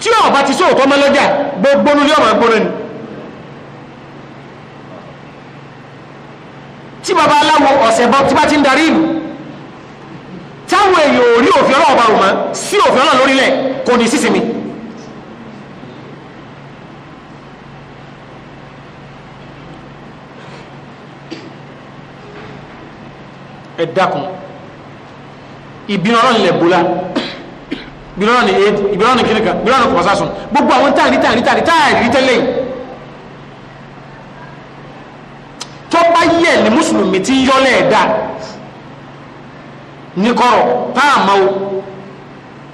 tí ọba ti sóòtọ́ mọ́lọ́jà gbogbo nílé ọmọ gbóná ni. tí baba aláwo ọ̀sẹ̀ bọ́ tí bá ti ń darí ìlú táwọn èèyàn ò rí òfin ọlọ́wọ́ bá rùn mọ́ sí òfin ọlọ́wọ́ lórílẹ̀ kò ní sísinmi. ẹ dákun ìbínú ọlọ́run lẹ̀ bọ́lá ìbínú ọlọ́run èyí ìbínú ọlọ́run kìnnìkan ìbínú ọlọ́run kọ̀ọ̀sá sùn gbogbo àwọn táàrí táàrí táàrí táàrí tẹ́lẹ̀ yìí tó bá yẹ̀ ní mùsùlùmí tí ń yọ́lẹ̀ ẹ̀dá níkọ̀rọ̀ táàmà o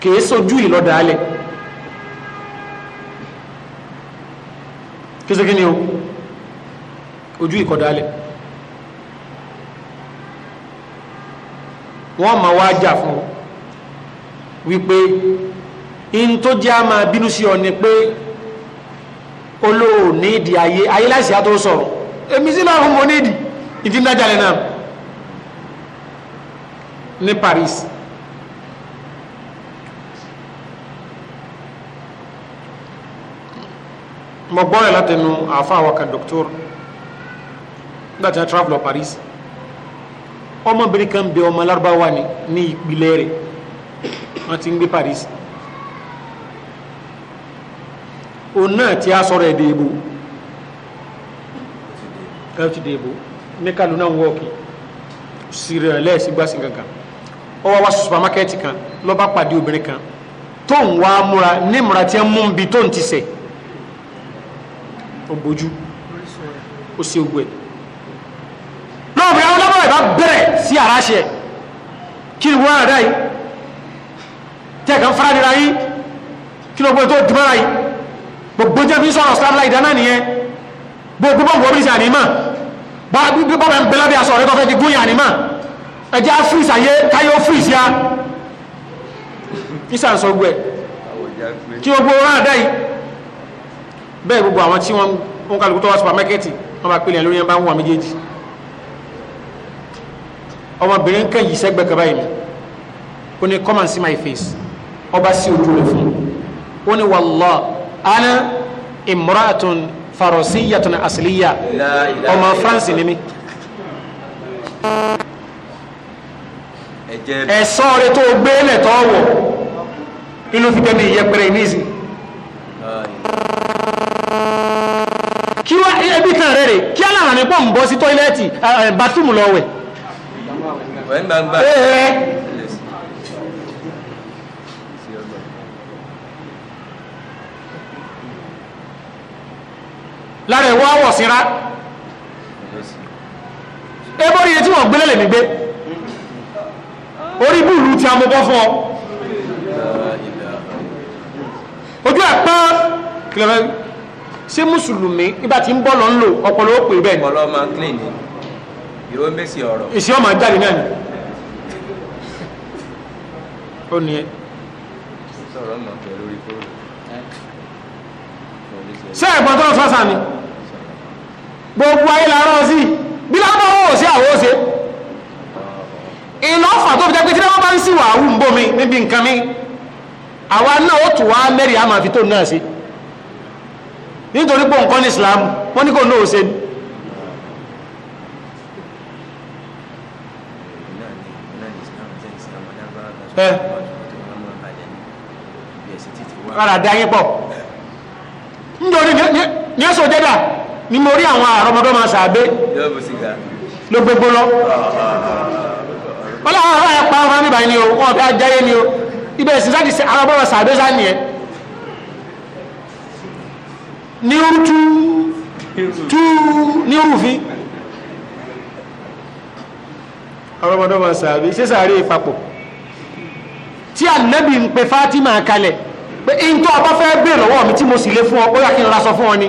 kìí sojú ìlọ́dàálẹ̀ kìí sókè ní o ojú ìkọ̀dàálẹ̀ wọ́n ma wá jà fún wípé in tó jẹ́ a máa bínú sí ọ ni pé olóò ní ìdí ayé ayé láìsí àtó sọ̀rọ̀ èmi sí máa fún mo ní ìdí ìdí ń dájà lẹ́nà ní Paris mo gbọ́ rẹ̀ látẹnu àáfàá wa kan doctor nígbà tí wọ́n travel lọ Paris ọmọbìnrin kan bẹ ọmọ Lárúbáwá ni ní ìpìlẹ̀ rẹ̀ wọ́n ti ń gbé Paris òun náà ti á sọ̀rọ̀ èdè ìbò káfíńtì ìbò mẹ́kàlù náà wọ́ọ̀kì sírẹ̀ lẹ́ẹ̀sì gbàsìn kankan ó wá wá supamakẹ́ẹ̀tì kan ló bá pàdé obìnrin kan tó ń wá múra ní múra tí ń mú bi tó ń ti sẹ̀ ó bójú ó sì gbẹ lọ́ọ̀bìnrin àwọn ọlọ́bàá ìbá bẹ̀rẹ̀ sí àráṣẹ kí ni wọ́n rà yìí tẹ́ẹ̀kan fáradìra yìí kí ló gbé tó dùmọ́ra yìí gbogbo jẹ́ fi sọ̀rọ̀ sáà láì dáná nìyẹn gbogbo bọ̀ wọ́n bí sí ànímọ̀ bá bá bá ń bẹ lábẹ́ aṣọ rẹ̀ tó fẹ́ ti gún yà ànímọ̀ ẹjẹ́ á fírìsì ayé káyé ó fírìsì á ìsà ń sọ gbẹ kí gbogbo wọn àdá yìí bẹ́ẹ̀ gbogbo àwọn tí wọ́n ń kálukú tó wá supermarket wọ́n bá pèlè lórí ẹ̀ bá ń wà méjèèjì ọmọbìnrin kan yìí sẹ́gbẹ́ kaba yìí ó ní come and see my face ọba sí ojú rẹ̀ fún ó ní wàllá ana imra'atun farosiyatun asiliya ọmọ France ni mi ẹ̀sán rẹ tó gbé lẹ̀tọ́ wọ̀ inú fi tẹ́lẹ̀ ìyẹpẹrẹ níìsín. kí wá ẹbí kan rẹ̀ rè kí alára ní pọ̀ ń bọ́ sí tọ́ílẹ́ẹ̀tì bàtúmù lọ wẹ̀. lára ẹ̀wọ́ àwọ̀ síra ebórí yẹn tí wọ́n gbélé lèmi gbé orí búlù tí a mọ́ bọ́ fún ọ ojú àpá kìlọ̀rẹ́ ṣé mùsùlùmí nígbà tí ń bọ́ lọ ń lò ọpọlọ ó pè bẹ́ẹ̀ ọpọlọ ọmọ clean ni ìró mẹ́sì ọ̀rọ̀ ìṣe ọmọ jáde náà ni ó ní ẹ sọ̀rọ̀ mọ̀ pẹ̀lú orí tó ń sọ́sà ni gbogbo ayé la sí bí lábọ́ ó sí àwọ̀ ó iná ọ̀fà tó fi jẹ́ pé tí wọ́n bá ń sì wà áwù ń bómi níbi nǹkan mi àwa náà ó tù wá mẹ́rin àmà fi tó náà sí nítorí pé nǹkan ní Islam wọ́n ní kò náà ó ṣe ni rárá dá yín pọ̀ nítorí ní ẹ̀sọ̀ jẹ́dà ni mo rí àwọn àrọmọdọ́mọ sàbẹ́ ló gbogbo lọ ah, ah, ah wọ́n láwọn ará ẹ̀pá wọn níbà ni o wọ́n fẹ́ jẹ́yé ni o ibẹ̀ sì sáàdì sí àwọn ọmọ sàbẹ́sà ni ẹ ní orú tú tú ní orúfin àwọn ọmọdé wọn sàbẹ́ ṣé sàárè papọ̀ tí ànábì ń pe Fatima kalẹ̀ pé in tó ọba fẹ́ bèèrè lọ́wọ́ mi tí mo sì lè fún ọ ó yà kí n ra sọ fún ọ ni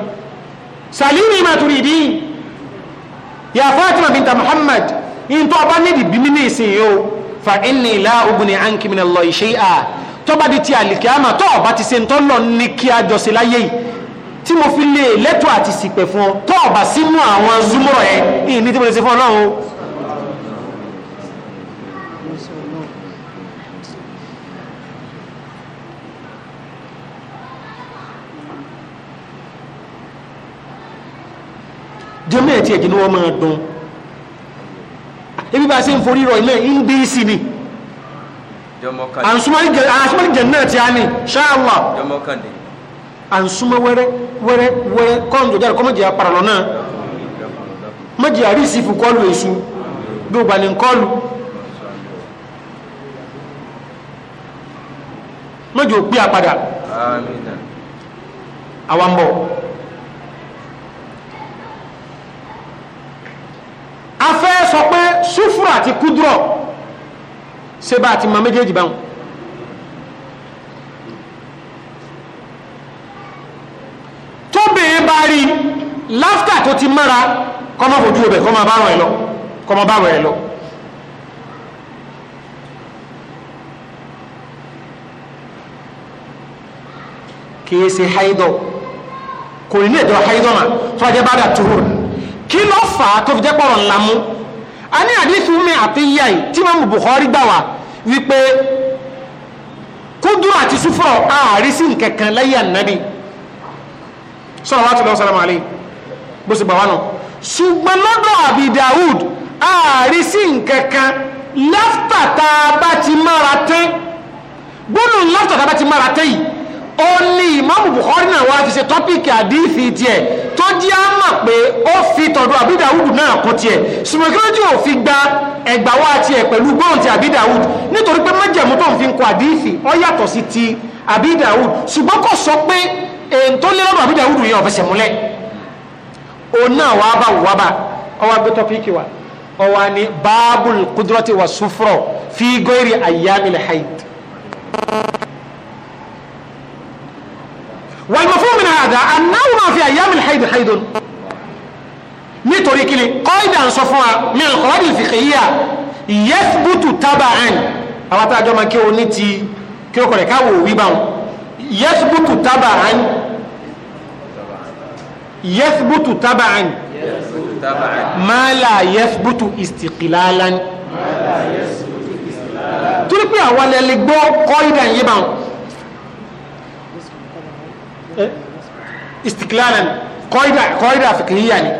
Fatima binta Muhammad in tó bá nídi bí mi ní ìsìn yóò fa inni ìlà ogun ni a ń kí mi ní lọ ìṣe à tó bá di ti àlìkíámà tó ọba ti ṣe ń tọ́ lọ ní kí a jọ láyé tí mo fi lè lẹ́tọ̀ àti ṣìpẹ̀ fún ọ tó ọba sínú àwọn zúmọ̀rọ̀ ẹ ìyìn tí mo lè ṣe fún ọlọ́run jẹ́mẹ́ẹ̀tì ẹ̀jẹ̀ ni wọ́n máa dùn ebi bá ṣe ń forí rọ iná ń bí sí ni àsúmọ́lì jẹ̀nà tí a ní ṣáàlá àsúmọ́ wẹ́rẹ́ wẹ́rẹ́ wẹ́rẹ́ kọ́ǹdọ̀ jáde kọ́mọ̀jì àpàràlọ́ náà mọ́jì àríṣì fún kọlù èṣù gbogbo ní kọlù mọ́jì ò pí àpadà àwọn bọ̀ afẹ́ sọ pé súfúrù àti kúdúrọ̀ ṣe bá ti ma méjèèjì báwọn tóbìnrin bá rí láftà tó ti mára kọmọ fojú ọbẹ̀ kọmọ báwọn ẹ̀ lọ kọmọ báwọn ẹ̀ lọ kìí ṣe haidọ̀ kò ní ẹ̀dọ̀ haidọ̀ mà tó ajẹ́ bá dà tuhur kí ló fà á tó fi jẹ́ pọ̀rọ̀ ńlá mú a ní àdísù mi àti yá yìí tí mọ́mù Bukhari gbà wá wípé kúndùn àti súfọ̀ ààrí sí nkẹ̀kan lẹ́yìn ànábì salawatu Allahi salamu alayhi bó sì gbà wá náà ṣùgbọ́n lọ́dọ̀ àbí Dawud ààrí sí nkẹ̀kan láftà tá bá ti mára tẹ́ gbónú láftà bá ti mára tẹ́ yìí ó ní ìmáàmù Bukhari náà wá fi ṣe tọ́pìkì àdífì tiẹ̀ tó jẹ́ á mọ̀ pé ó fi tọ̀dọ̀ àbídàwùdù náà kún tiẹ̀ ṣùgbọ́n kí ló jẹ́ ó fi gba ẹgbàwá tiẹ̀ pẹ̀lú gbóhùn ti àbídàwùd nítorí pé májẹ̀mú tó ń fi kún àdífì ó yàtọ̀ sí ti àbídàwùd ṣùgbọ́n kò sọ pé èyí tó lé lọ́dọ̀ àbídàwùd yẹn ọ̀fẹsẹ̀ múlẹ̀ òun náà kọ́ìdà anáwó máa fi àyàmì haidu haidu nítorí kíni kọ́ìdà ń sọ fún wa min al-qawaid al-fiqhiyya yathbutu taba'an àwọn àtàjọ máa kí o ní ti kí o kọ̀rẹ̀ káwò wí bá wọn yathbutu taba'an yathbutu taba'an ma la yathbutu istiqlalan torí pé àwọn ẹlẹgbọ́ kọ́ìdà yìí bá wọn istiklalan kọ́ídà kọ́ídà fìkìyà ni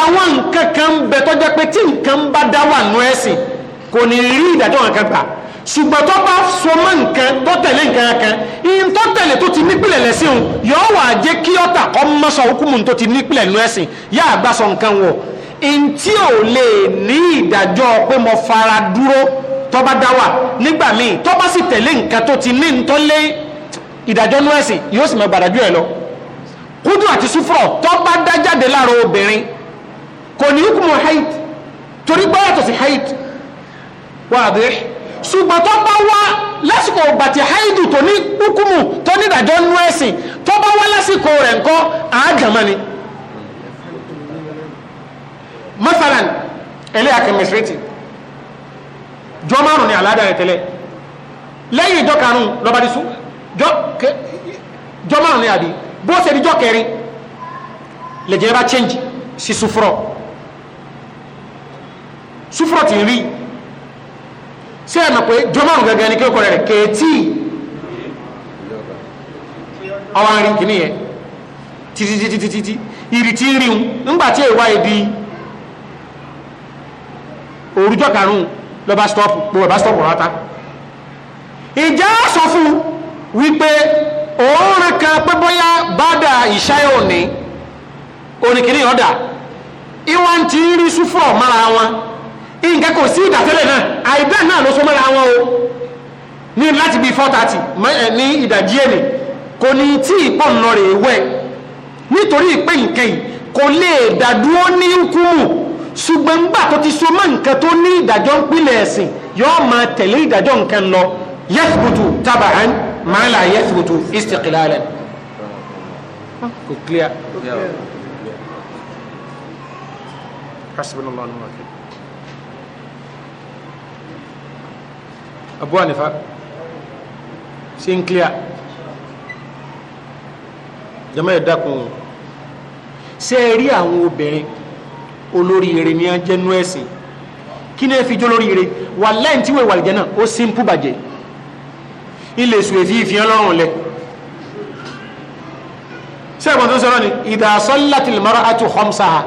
àwọn nǹkan kan bẹ tó jẹ́ pé tí nǹkan bá dá wà nú ẹ̀sìn kò ní rí ìdájọ́ nǹkan gbà ṣùgbọ́n tó bá so mọ́ nǹkan tó tẹ̀lé nǹkan kan ihun tó tẹ̀lé tó ti nípìlẹ̀ lẹ́sìn òun yóò wà jẹ́ kí ọ̀tà kọ́ mọ́sọ̀ hukumu tó ti nípìlẹ̀ nú ẹ̀sìn yá àgbà nǹkan wọ̀ ihun tí ò lè ní ìdájọ́ pé mo fara dúró tó bá dá wà nígbà míì tó bá sì tẹ̀lé nǹkan tó ti ní ntọ́lé ìdájọ́ nú ẹ̀sìn yóò sì mọ gbàdájú ẹ̀ lọ kúdù àti súfúrọ̀ tó bá dá jáde lára obìnrin kò ní hukumu haid torí pé yàtọ̀ sí haid wàdí ṣùgbọ́n tó bá wá lásìkò gbàtí haidu tó ní hukumu tó ní ìdájọ́ nú ẹ̀sìn tó bá wá lásìkò rẹ̀ ńkọ́ àájàmá ni masalan ẹlẹ́yà kẹmẹsìrìtì jọ márùn-ún ni àládà rẹ̀ tẹ́lẹ̀ lẹ́yìn ìjọ karùn-ún lọ́ba dísú jọ márùn ní àbí bó ṣe di jọ kẹrin lẹ̀jẹ̀ bá change sí sufurọ̀ sufurọ̀ ti rí sí ẹ̀mọ̀ pé jọ márùn gẹ́gẹ́ ní kíkọ́ rẹ̀ kẹtí ọwọ́ rí kìíní yẹn títítítítítí ìrìtí ríun nígbàtí èèwà ìdí òrùjọ́ karùn-ún lọ́ba stọ́ọ̀pù gbogbo ẹ̀bá stọ́ọ̀pù rátá ìjẹ́ sọ fún un wípé òórùn kan pé bóyá bàdà ìṣáyọ̀ òní oníkìní ọ̀dà ìwọ̀n ti rí súfọ̀ mọ́ra wọn nǹkan kò sí ìdàtẹ́lẹ̀ náà àìbẹ́ náà ló so mara wọn o ní láti bí 430 ní ìdajì èlé kò ní tí ìpọ̀nà rẹ̀ wẹ̀ nítorí ìpé nǹkan yìí kò lè dàdúró ní nkúmù ṣùgbọ́n nígbà tó ti so mọ́ nǹkan tó ní ìdájọ́ ń pìlẹ̀ ẹ̀sìn yóò máa tẹ̀lé ìdájọ́ nǹkan lọ ما لا يثبت استقلالا clear حسبنا الله ونعم الوكيل أبو حنيفة سين clear jama yẹ dákun ṣe é rí àwọn obìnrin olóríire ní ajẹnú ẹsìn kí ni ẹ fi jó lóríire wà lẹ́yìn tí wọ́n wà lìjẹ́ náà ó simple bàjẹ́ ilé ìsúwé fi ìfihàn lọ́rùn lẹ sẹ́gbọ̀n tó sọ́rọ̀ ni ìdásọ́lá tìlmọ́rọ́ àti homsaha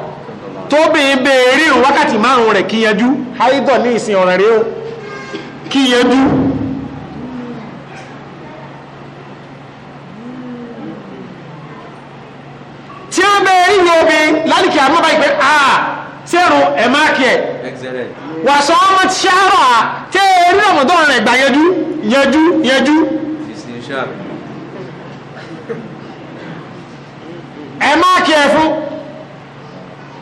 tó bèé bèèrè wákàtí márùn rẹ̀ kíyanjú haidọ̀ ní ìsìn ọ̀rẹ́ rẹ̀ o kíyanjú tí a bèèrè ìwé obìnrin lálìkì àmọ́bá ìpẹ́ àà ah, sẹ́rùn ẹ̀máàkì ẹ̀ wà sọ ọmọ tí a rà tí eré ọmọdé rẹ̀ gbà yẹjú yẹjú yẹjú. ẹ má kí ẹ fún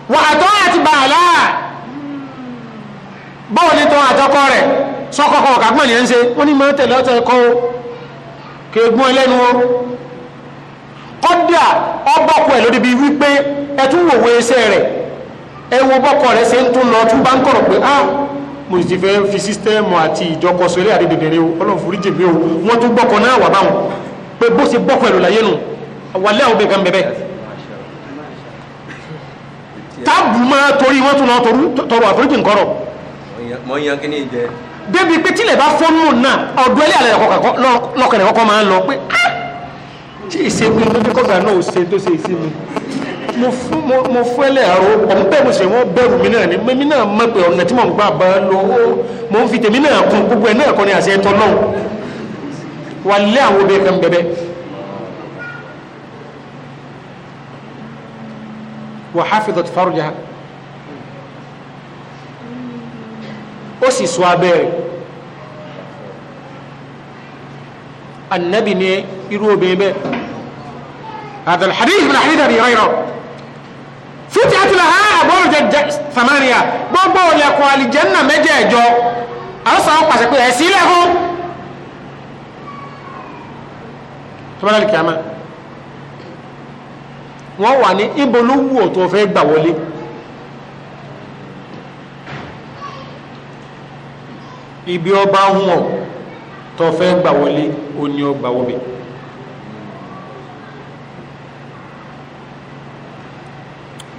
wà tó àti bàálà báwo ni tó àtọkọ rẹ̀ sọkọkọ ọ̀kàgbọ̀n ni ẹ ń ṣe wọ́n ní máa tẹ̀lé ọ̀tẹ̀ kọ́ kegun ẹlẹ́nu o kọ́dà ọbọ̀kọ̀ ẹ̀ lóde wípé ẹ tún iṣẹ́ rẹ̀ ẹ wo bọ́kọ rẹ̀ ṣe ń tún lọ tún bá ń kọ̀rọ̀ pé ah mo sì ti fẹ́ fi sísítẹ́ẹ̀mù àti ìjọkọsọ ilé àdédèrè o ọlọ́run foríjì mi o wọ́n tún bọ́kọ náà wà báwọn pé bó ṣe bọ́kọ ẹ̀rọ láyé nu wàlẹ́ àwọn obìnrin kan bẹ̀bẹ̀ táàbù máa torí wọ́n tún lọ tọrọ àforíjì nkọ́rọ̀ débi pé tílẹ̀ bá fọ́nù náà ọ̀dọ́ ilé àlẹ́ lọ́kọ̀ọ̀kọ̀ máa ń lọ pé ah ṣé ìṣe mi ló jẹ́ kọ́gà náà ṣe tó ṣe ìṣe mi mo fún mo fún ẹlẹ́ àrò ọ̀hún bẹ́ẹ̀ mo ṣe wọ́n bẹ̀rù mi náà ni mímí náà mọ̀ pé ọ̀nà tí mò ń gbà bá lọ mo ń fi tèmi náà kún gbogbo ẹ̀ náà kọ́ ni àṣẹ ẹ̀tọ́ náà wà lé àwọn obìnrin kan bẹ̀bẹ̀ wà hafizat farjaha ó sì sọ abẹ́rẹ́ anabi ní irú obìnrin bẹ́ẹ̀ adal hadith bin hadith abi rayra fúti àtúlà ha àbọ̀rọ̀ jẹ samania gbogbo olùkọ́ alìjẹ́nà mẹ́jẹ̀ẹ̀jọ àwọn sàwọn pàṣẹ pé ẹ̀sìn ilẹ̀ fún tọ́bọ̀lá lè kíyàmá wọ́n wà ní ibo ló wù ọ́ fẹ́ gbà wọlé ibi ọba hun ọ̀ tọ́fẹ́ gbà wọlé ó ní ọ gbà wọbẹ̀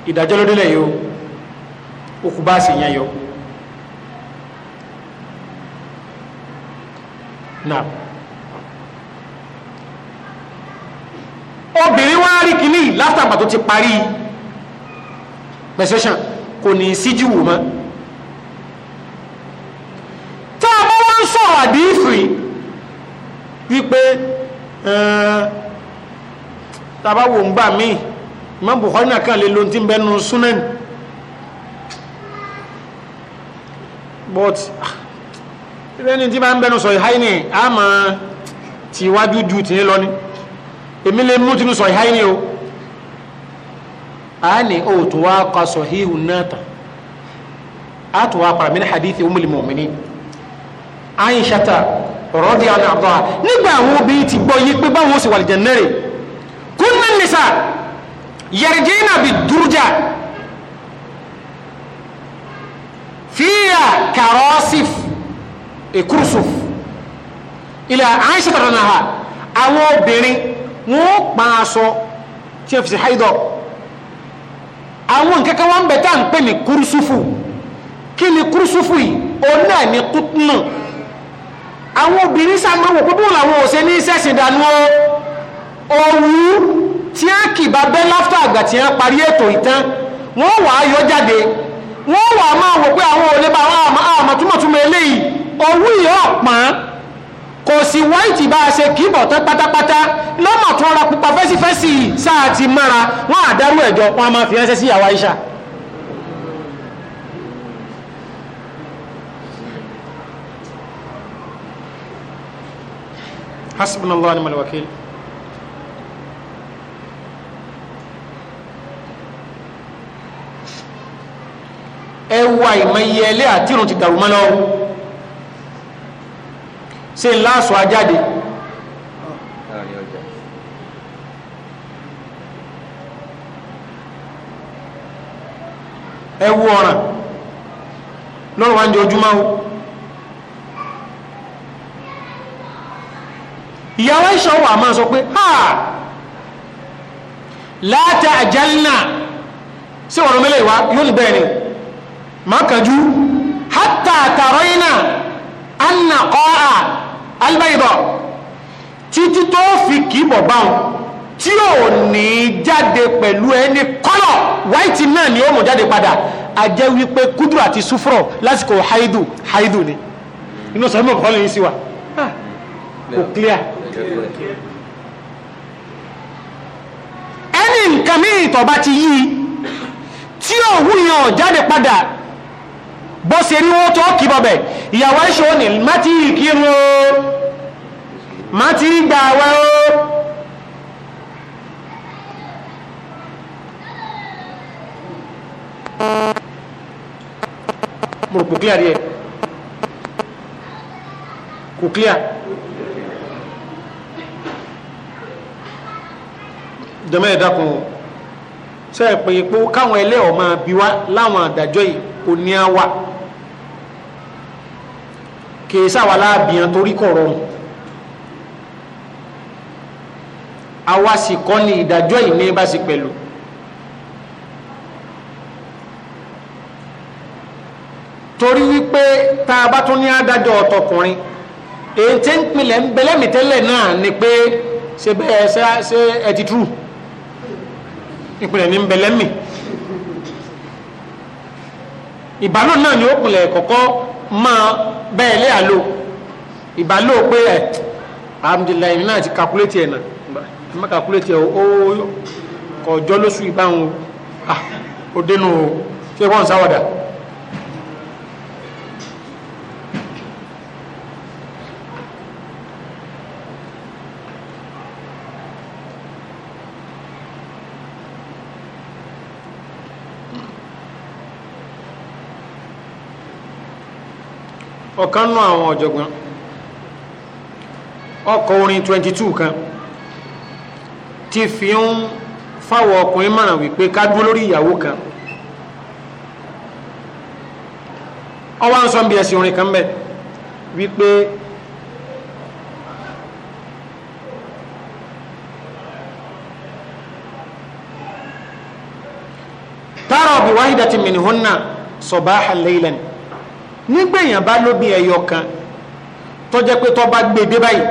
ìdájọ́ ló délẹ̀ yóò òkú bá sì yẹn yọ náà obìnrin wá rí kìíní látàgbà tó ti parí menstruation kò ní síjú wò mọ́ tá a bá wọ́n sọ̀rọ̀ àdìfì wípé tàbá wò ń gbà mi Imam Bukhari náà kàn lè lo ti ń bẹnu súnẹ́nì but ìrẹ́ni tí bá ń bẹnu sọ ìháìní a ma ti wájú ju ti ní lọ ní èmi lè mú tínú sọ ìháìní o a ní o tó wá kọ sọ híhù náà tàn a tó wá pàrà min hadithi umul Aisha ta rọ́dí àdàbà nígbà àwọn obìnrin ti gbọ́ yí pé báwọn sì wà lè jẹ́nẹ́rẹ̀ kúnnà nìsà yẹ̀rẹ̀jẹ́ náà bí dúrújà fíyà kàrọ́sìf èkúrùsùf ilẹ̀ àìṣẹ́tọ̀rọ̀ náà ha àwọn obìnrin wọ́n pa aṣọ tí wọ́n fi sí haidọ̀ àwọn nǹkan wọ́n bẹ̀ tá ń pè ní kúrùsùfù kí ni kúrùsùfù yìí òun náà ni kútùnù àwọn obìnrin sáàmù wò púpọ̀ làwọn ò ṣe ní sẹ́sìn dànù owú tí a kì bá bẹ́ láftà àgbà tí a parí ètò ìtàn wọ́n wà á yọ jáde wọ́n wà á máa wò pé àwọn ò lè bá àwọn àmọ̀túmọ̀túmọ̀ eléyìí owú yìí ọ̀pọ̀n kò sí wáìtì bá a ṣe kì í bọ̀ tán pátápátá lọ́mọ̀ tó ra pupa fẹ́sífẹ́sì sáà ti mára wọ́n àdárú ẹ̀jọ̀ wọn a máa fi ránṣẹ́ sí ìyàwó حسبنا الله ونعم الوكيل ẹ wá ìmọ̀ye ẹlẹ́ àtìrùn ti dàrú mọ́ lọ́wọ́ ṣe ń láàṣọ ajáde ẹ ọ̀ràn lọ́rùn wá ń di ojúmọ́ o. ìyàwó ìṣọ́ wà máa sọ pé ha láti àjálínà sí ọ̀rọ̀ mẹ́lẹ̀ ìwá yóò ní bẹ́ẹ̀ ni makajú hátà àtàrọ̀ iná anna kọ́ra albaidọ̀ títí tó fi kìíbọ̀ báwọn tí ò ní jáde pẹ̀lú ẹni kọ́lọ̀ wáìtì náà ni ó mú jáde padà a wípé kúdùrà àti súfúrọ̀ lásìkò haidu haidu ni inú sọ́yìn mọ̀ kọ́lọ̀ yìí sí wa kò clear ẹni nǹkan mí ìtọ̀bá ti yí tí òwú yàn jáde padà bó ṣe rí wọ́n tó kí bọ́bẹ̀ ìyàwó ẹ̀ṣọ́ ni má ti kírun o má ti gbà wẹ́ o rí ẹ kò clear jẹmọ́ ẹ dákun o sẹ ẹ pé ipò káwọn ẹlẹ ọmọ bí wa láwọn àdájọ́ yìí kò ní á wà kìí sáwà láàbìyàn torí kò rọrùn àwa sì kọ́ ni ìdájọ́ yìí ní bá sí pẹ̀lú. torí wípé tá bá tún ní adájọ́ ọ̀tọkùnrin èyí tí ń pinlẹ̀ ń bẹlẹ́mìtẹ́lẹ̀ náà ni pé ṣe bẹ́ẹ̀ ṣe ẹ ti túrù. ìpìlẹ̀ ní bẹlẹ́mì ìbálò náà ni ó maa kọ̀kọ́ máa bẹ́ẹ̀ lé àlò ìbálò pé ẹ̀ alhamdulilayi náà ti na ẹ̀ náà má calculate ẹ̀ ó kọjọ́ lóṣù ìbáwọn ah ó dénú o ṣé wọ́n ń sáwọ́dà. ọ̀kan nú àwọn ọ̀jọ̀gbọ́n ọkọ̀ orin 22 kan ti fi ń fáwọn ọkùnrin mọ̀ràn wípé ká dúró lórí ìyàwó kan ọwọ́ ń sọ bí ẹ̀sìn orin kan bẹ̀ wípé tààrọ̀ bí wáhídà ti mìnìhún sọ̀bá àlẹ́ ìlànà nígbèyàn bá lóbi ẹyọ kan tó jẹ́ pé tó bá gbé e dé báyìí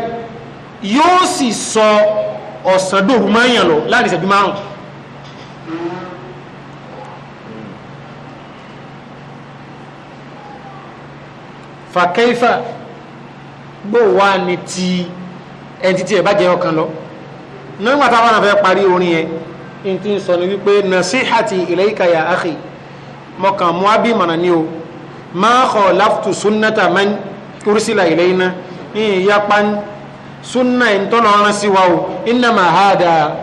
yóò sì sọ ọ̀sán dòru mọ́yàn lọ láàrin ìṣẹ́jú márùn fàkẹ́fà gbò wá ní ti ẹni tí ẹ̀ bá jẹ́ ọkàn lọ nígbà táwọn àfẹ́ parí orin yẹn ní ti sọ ní wípé nasihati ilayka ya akhi mọ̀kàn mọ́ ábí mọ̀nà ní o ma khalaftu sunnata man ursila ilayna in ya pan sunna in tolo ran si wa o innama hada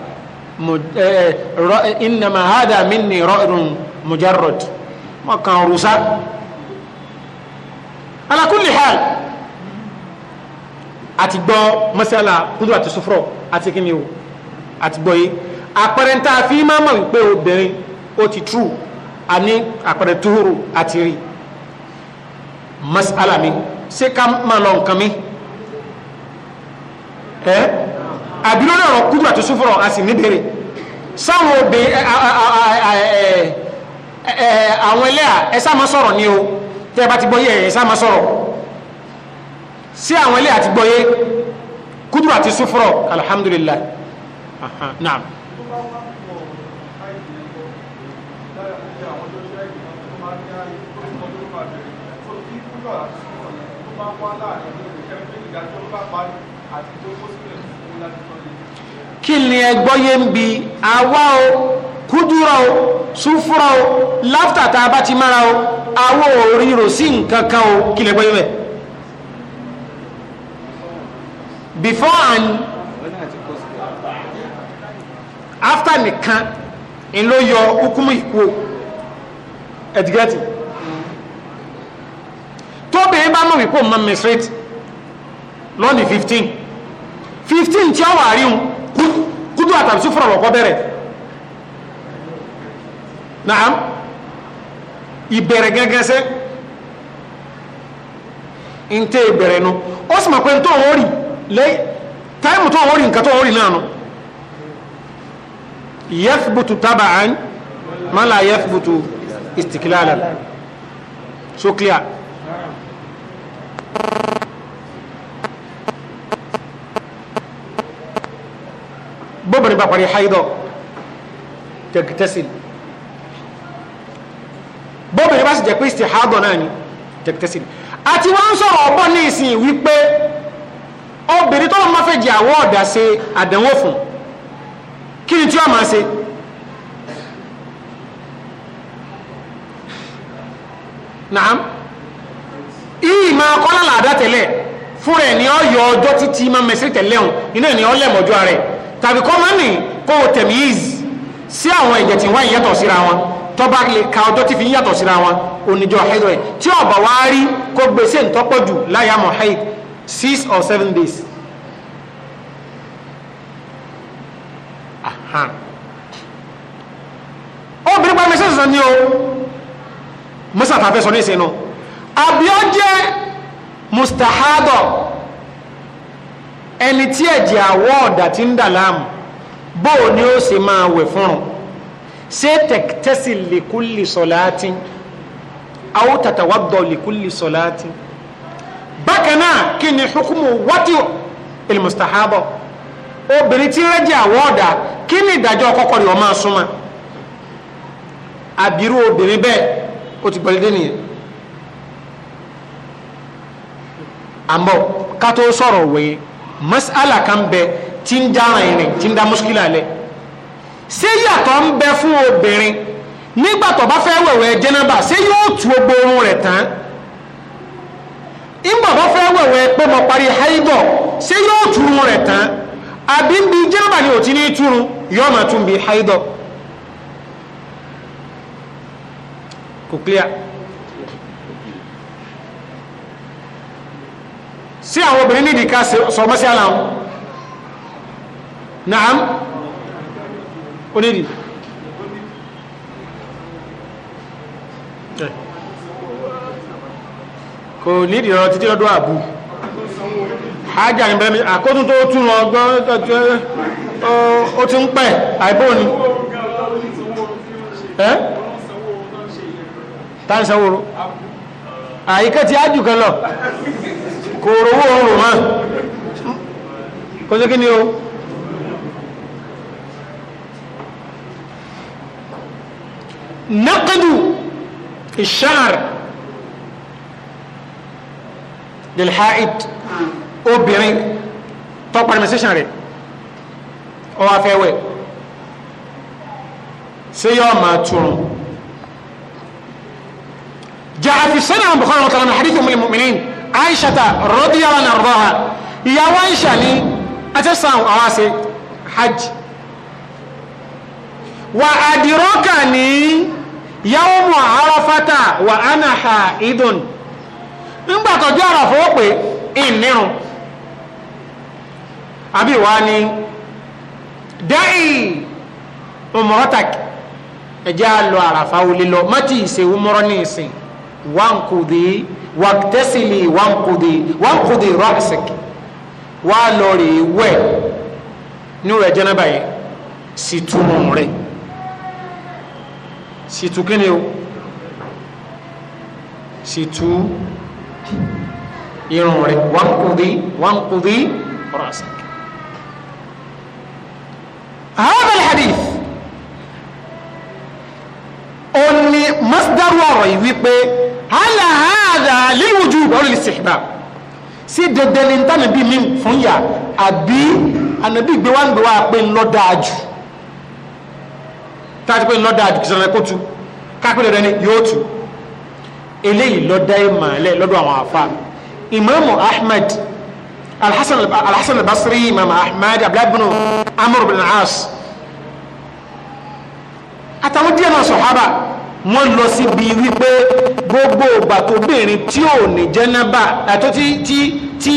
innama hada minni ra'run mujarrad mo kan rusa ala kulli hal àti gbọ́ masala kudu àti sufro àti kini o àti gbọ́ yi àpẹrẹ ta fi máa mọ̀ wípé obìnrin ó ti tú àní àpẹrẹ túhùrù àti rí masala mi ṣé ká máa lọ nǹkan mi ẹ àbíró náà rọ kúrò àti súnfọ̀rọ̀ a sì níbèrè sáwọn obè àwọn ẹlẹ́à ẹ sá máa sọ̀rọ̀ ni o tẹ́ ẹ bá ti gbọ́ yé ẹ sá máa sọ̀rọ̀ sí àwọn ti gbọ́ yé kúrò àti súnfọ̀rọ̀ alhamdulilayi naam. ọ̀rọ̀ àti súnmọ̀ yẹn tó bá wá láàrin olùkẹ́ pé ìdájọ́ bá parí àti tó kó sílẹ̀ fún láti tọ́ lé. kí ni ẹ gbọ́yé ń bi àwa o kúdúrà o súnfúra o láftà tá a bá ti mára o àwa ò sí nǹkan kan o kí lẹ gbọ́yé bẹ́ẹ̀. before and after nìkan ń lo yọ hukumu ìkú ẹ̀dígẹ́tì wí pò mọ́ misrit lọ́nì 15 15 tí ó wà ríun kúdù àtàbí sí fúrọ̀lọ́kọ́ bẹ̀rẹ̀ náà ìbẹ̀rẹ̀ gẹ́gẹ́sẹ́ ń tẹ́ ìbẹ̀rẹ̀ nu ó sì mọ̀ pé tó ń rí lẹ́yìn táìmù tó ń rí nǹkan tó ń rí náà nu yathbutu taba'an mala yathbutu istiklalan so clear bóbìnrin bá parí haidọ̀ tẹ̀kítẹ́sì bóbìnrin ni tẹ̀kítẹ́sì àti wọ́n ń sọ̀rọ̀ obìnrin tó lọ máa fẹ́ jẹ àwọ́ ọ̀dà ṣe àdánwò fún kí ni tí ìyí máa kọ́ lálàádá tẹ́lẹ̀ fúnra ẹ̀ ní ọyọ ọjọ́ títí máa mẹsẹ̀ tẹ́lẹ̀ hàn iná ẹ̀ ní ọlẹ̀ mọ́jú ara ẹ̀ tàbí kọ́ mọ́nì kó o tẹ̀mí yìí sí àwọn ẹ̀jẹ̀ tí wọ́n yàtọ̀ síra wọn tó bá lè ka ọjọ́ tí fi ń yàtọ̀ síra wọn oníjọ haid rẹ̀ tí ọ̀bà wá rí kó gbèsè ntọ́pọ̀ jù láyàmọ̀ haid six or seven days. obìnrin pa mẹsẹ̀ sọ ni o mọ́sàtà fẹ́ sọ ní ìsìn náà àbí ó jẹ́ mustahadọ̀ ẹni tí ẹ̀jẹ̀ àwọ̀ ọ̀dà ti ń dà láàmú bó o ní ó sì máa wẹ̀ fúnrun ṣé tẹ̀tẹ́sì lèkúlì sọ̀láàtì àwọn tàtàwádọ̀ lèkúlì sọ̀láàtì bákan náà kí ni hukumu wati ilmustahadọ̀ obìnrin tí rẹ́jẹ̀ àwọ̀ ọ̀dà kí ni ìdájọ́ kọ́kọ́ rẹ̀ ọ máa àbírú obìnrin bẹ́ẹ̀ ó ti gbọ́lé nìyẹn ambo kato soro we masala kan be tin dara ni tin da muskila le se ya to n be fun obirin nigba ba fe wewe jenaba se yo tu ogbo orun re tan ingba ba fe wewe pe mo pari haibo se yo tu orun re tan abi n bi jenaba ni o ti ni turu ma tun bi haibo sí àwọn obìnrin nídìí ká sọmọ́ sí ara wọn naam onídìí kò nídìí ọ̀rọ̀ títí lọ́dọ̀ àbú ajá ìbẹ̀rẹ̀ àkótún tó tún lọ gbọ́ ó ti ń pẹ̀ àìbò ni ẹ́ tánṣẹ́wòrò àyíkẹ́ ti ájù kan lọ kò rówó oòrùn hàn kò sí kí ni o nákàdù ìṣáàr lilhaid obìnrin tọ́pàdé mẹ́sẹ̀ṣàn rẹ̀ ọwọ́ afẹ́wẹ̀ sí yọ́ ma túrùn جاء في السنة البخاري وتعالى حديث أم المؤمنين aishata rọ́díyàlá na rọ́ha ìyàwó aisha ní atẹ́sàn àwọn àṣẹ hajj wa àdìrọ́kà ní yawmu arafata wa anaha idun ńgbàtọ̀jú àràfọ́ pé ìnírun àbí wá ní dáì umrotak ẹjẹ́ àlọ́ àràfà olílọ mọ́tí ìṣe umrọ́ ní ìsìn wà ń kò dé wàtẹ́sílì wàǹkùdì rọ́ọ̀sìk wà lórí wẹ̀ ní rẹ̀ jẹ́nàbà yẹn sì túnú rẹ̀ sì tú kí ni o sì tú irun rẹ̀ wàǹkùdì wàǹkùdì rọ́ọ̀sìk. هذا الحديث ó ní masdaru ọ̀rọ̀ yìí wípé hàlàhà àlèwòjú wọ́n lè sèhìbá sí dandan ní tánàbí mi fún yà àbí ànàbí gbéwà ń gbéwà pé ńlọ dáájú táàtì pé ńlọ dáájú kìsànlẹ̀ kó tu kápẹ́ rẹ̀ ni yóò tu eléyìí lọ́dá ìmàlẹ̀ lọ́dọ̀ àwọn àfa ìmáàmù Ahmad alhassan alhassan imam Ahmad abdulabinu amr bin as àtàwọn díẹ̀ náà sọ̀hábà wọ́n lọ síbi wípé gbogbo ìgbà tó bìnrin tí ò ní jẹ́nẹ́bà àti tí tí tí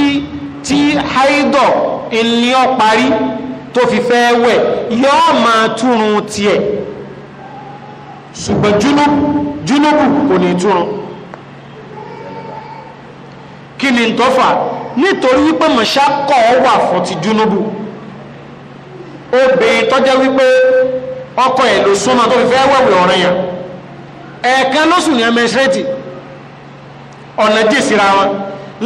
tí haidọ̀ ilé ọ parí tó fi fẹ́ wẹ̀ yóò máa túrun tiẹ̀ ṣùgbọ́n júnúbù kò ní túrun kí ni tó fà nítorí wípé mọ̀ṣákọ̀ wà fún ti júnúbù obìnrin tó jẹ́ wípé ọkọ ẹ̀ ló súnmọ́ tó fi fẹ́ wẹ̀wẹ̀ ọ̀rẹ́yàn ẹ̀ẹ̀kan lóṣù ní ẹmẹ́ṣẹ́tì ọ̀nà jésìra wọn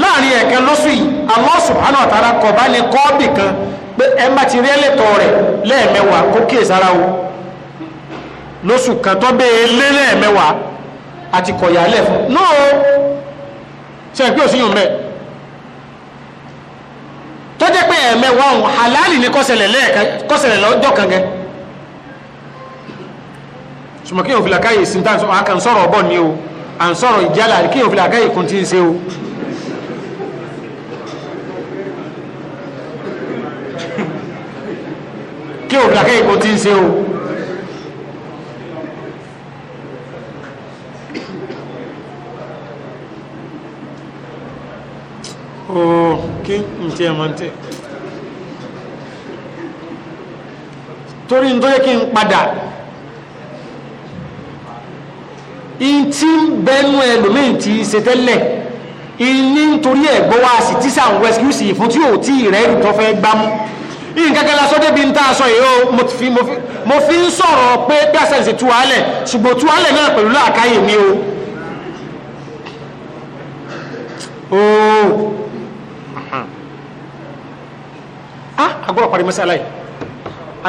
láàrin ẹ̀ẹ̀kan lóṣù yìí Allah subhanahu wa ta'ala kọ̀ bá lè kọ́ bì kan pé ẹ má ti rí ẹlẹ́tọ̀ rẹ̀ lẹ́ẹ̀mẹ́wàá kó kíyè sára o lóṣù kan tó bẹ́ẹ̀ lé lẹ́ẹ̀mẹ́wàá àti kọ̀yálẹ̀ fún náà ṣe ìpín òṣìyàn mẹ́ẹ̀ tó jẹ́ pé ẹ̀ẹ̀mẹ́wàá òun halali ni kọ́sẹ̀lẹ̀ lọ́jọ́ kan ṣùgbọ́n kí òfin làkáyè sí tá à ń sọ̀rọ̀ ọ̀bọ̀ ni o à ń sọ̀rọ̀ ìjálà kí òfin làkáyè kún tí ń ṣe o. kí òfin làkáyè kún tí ń ṣe o. oo kí n tiẹ̀ máa ń tẹ̀. torí n tó yẹ kí n padà ìtí bẹnu ẹlòmíì ti ṣe tẹ́lẹ̀ ìní nítorí ẹ̀gbọ́ wa sì tí sàn wẹ́skúsì fún tí ò tí rẹ̀ tó fẹ́ gbámú nǹkankan lásán débi ń tá a sọ yìí ó mo fi ń sọ̀rọ̀ pé bẹ́sẹ̀ sì tú alẹ̀ ṣùgbọ́n tú alẹ̀ náà pẹ̀lú làákàyè mi o ooo ah agbọ́dọ̀ parí mẹ́sàlá yìí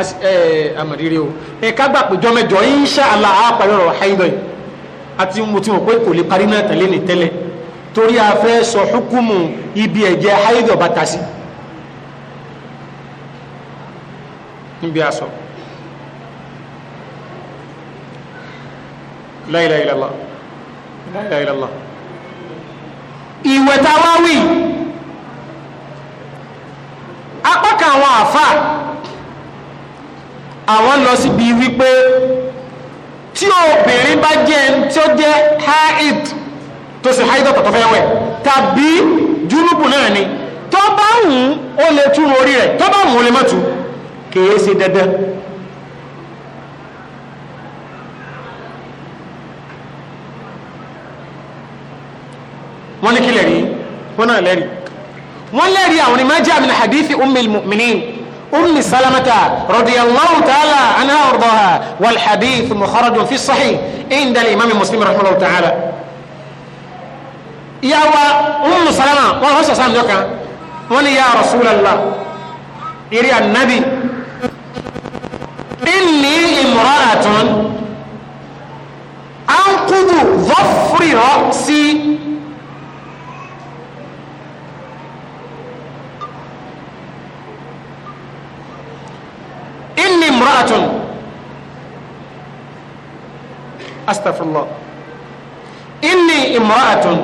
ẹ̀ eh, amàdírí o ẹ̀ka gbà pé jọmẹjọ insha Allah àpàrẹ̀ ọ̀rọ̀ haidọ̀ yìí àti mo ti mọ̀ pé kò lè parí náà tẹ̀lé ní tẹ́lẹ̀ torí a fẹ́ sọ hukumu ibi ẹ̀jẹ̀ haidu ọba ta sí níbi aṣọ la ilaha illallah la ilaha àwọn àfà àwọn lọ síbi wípé tí obìnrin bá jẹ́ ẹni tí ó jẹ́ haid tó sì haid ọ̀tọ̀ tó fẹ́ wẹ̀ tàbí júrúbù náà ni tó bá wù ó lè tún orí rẹ̀ tó bá wù ó lè má kìí ṣe dandan wọ́n ní kí lẹ́rìí wọ́n náà lẹ́rìí wọ́n lẹ́rìí àwọn ìmájá min hadithi ummil mu'minin أم سلمة رضي الله تعالى عنها وارضاها والحديث مخرج في الصحيح عند الإمام المسلم رحمه الله تعالى يا أم سلمة وأنا هسه سام دوكا ولي يا رسول الله إري النبي إني امرأة أنقذ ظفر رأسي inni mura'atun astagfirullah inni imra'atun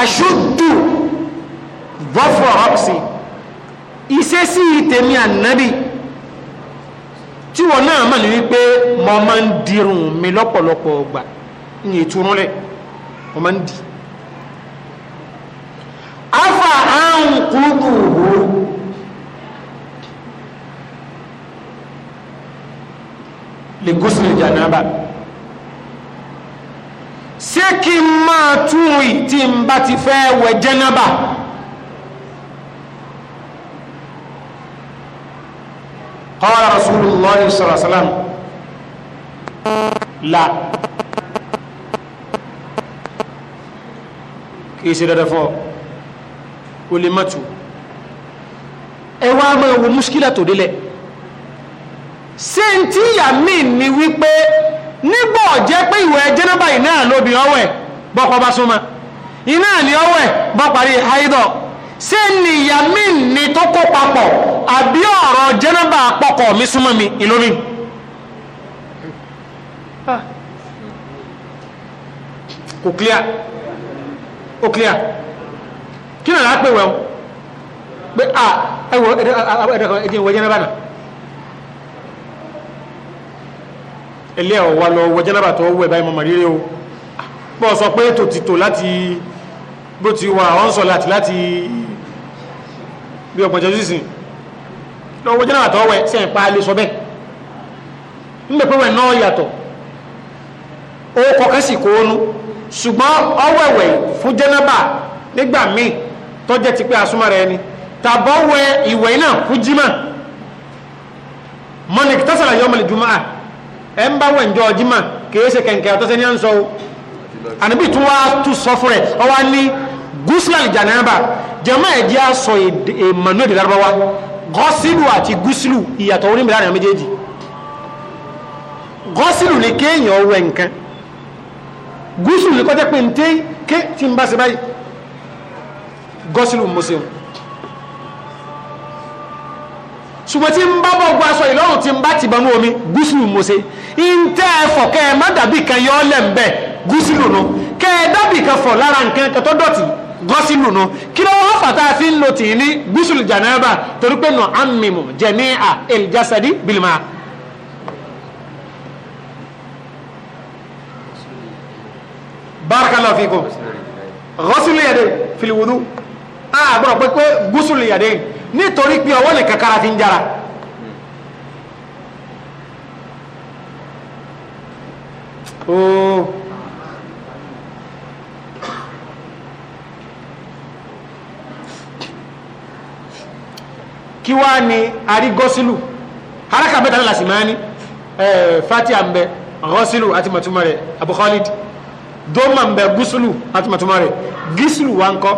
ashuddu dhafra ra'si ìṣesí tèmi النبي tí wọn náà mọ̀ ní wípé mo máa ń dirun mi lọ́pọ̀lọpọ̀ ọgbà ní ìtúrúnlẹ̀ mo máa ń di afa ahun kúrúkú òhòrò lè gúúsùlè jànáàbà ṣé kí n máa tún ì tí n bá ti fẹ́ wẹ̀ jẹ́nàbà qala rasulullah sallallahu alaihi wasallam la kì í ṣe dandan fún ọ o ẹ wá máa wo muskila tó délẹ̀ ṣé n tí ìyá mi ni wípé nígbà ọ̀jẹ́ pé ìwẹ̀ jẹ́nàbà iná lóbi ọwẹ̀ bọ́kọ bá súnmọ́ iná ni ọwẹ̀ bọ́ parí haidọ̀ ṣé ni ìyá mi ni tó kó papọ̀ àbí ọ̀rọ̀ jẹ́nàbà pọkọ̀ mi súnmọ́ mi ìlómi. kò clear ó clear kí ni àá pè wẹ̀ o pé ah ẹ̀wọ̀ ẹ̀dẹ̀ ẹ̀dẹ̀ de ìwẹ̀ jẹ́nàbà náà. ilé ọ̀wà lọ wọ jẹ́nàbà tó wọ ẹ̀bá ìmọ̀mọ̀ rírẹ́ o bọ́ sọ pé tò ti tò láti bó ti wà àwọn sọ láti láti bí ọgbọ̀njọ́ sísìn lọ wọ jẹ́nàbà tó wẹ sí ẹ̀pá alẹ́ sọ bẹ́ẹ̀ nígbà pé wẹ̀ náà yàtọ̀ ó kọkẹ́ sì kó onú ṣùgbọ́n ọwẹ̀wẹ̀ fún jẹ́nàbà nígbà míì tọ́jẹ́ ti pé asúmọ́ rẹ ni tàbọ̀ wẹ ìwẹ̀ náà fún jímà mọ́nìkì tásàlà yọmọlẹ̀ jùmọ́ à ẹ ń bá wẹ̀ ǹjọ́ ọjímà kìí ṣe kẹ̀kẹ́ ọ̀tọ́sẹ́ ní à ń sọ o àníbì tún wá tú sọ fún rẹ̀ ọ wá ní gúúsùlàlì jànáàbà jẹ́mọ́ ẹ̀ jẹ́ àsọ ìmọ̀nú èdè lárúbáwá gọ́sìlù àti gúúsùlù ìyàtọ̀ orí mìíràn méjèèjì gọ́sìlù ni kéèyàn wẹ̀ nǹkan gúúsùlù ni kọ́jẹ́ pé ntẹ́ ké tí ń bá ṣe báyìí gọ́sìlù mọ́sẹ̀wọ̀n ṣùgbọ́n tí ń bá bọ̀ gbọ́ aṣọ ìlọ́run ti banú omi gúúsùlù mo ṣe ìntẹ́ ẹ̀fọ̀ kẹ́ ẹ má dàbí kan yọ ọ́ lẹ̀ ń bẹ̀ gúúsùlù nu kẹ́ ẹ dàbí kan fọ̀ lára nǹkan kan tó dọ̀tí gọ́sìlù nu kí ló wọ́n fàtà fi ń lo tì ní gúúsùlù jànáàbà torí pé nù ámìmù jẹ̀mí à èlìjásẹ́dí bìlìmà. barakallahu fikum gọ́sìlù yẹ̀dẹ̀ fìlìwùdú àbúrò pé gúúsùlù yẹ̀dẹ̀ nítorí pé ọwọ́ nìkan kára fi ń jára. ó kí wá ní àrígọ́sílù haraka bẹ́ta lọ́la sì máa ní fatiha ń bẹ àti mọ̀túnmọ̀ rẹ̀ Abu Khalid dọ́mà ń bẹ gúsùlù àti mọ̀túnmọ̀ rẹ̀ gísùlù wá ń kọ́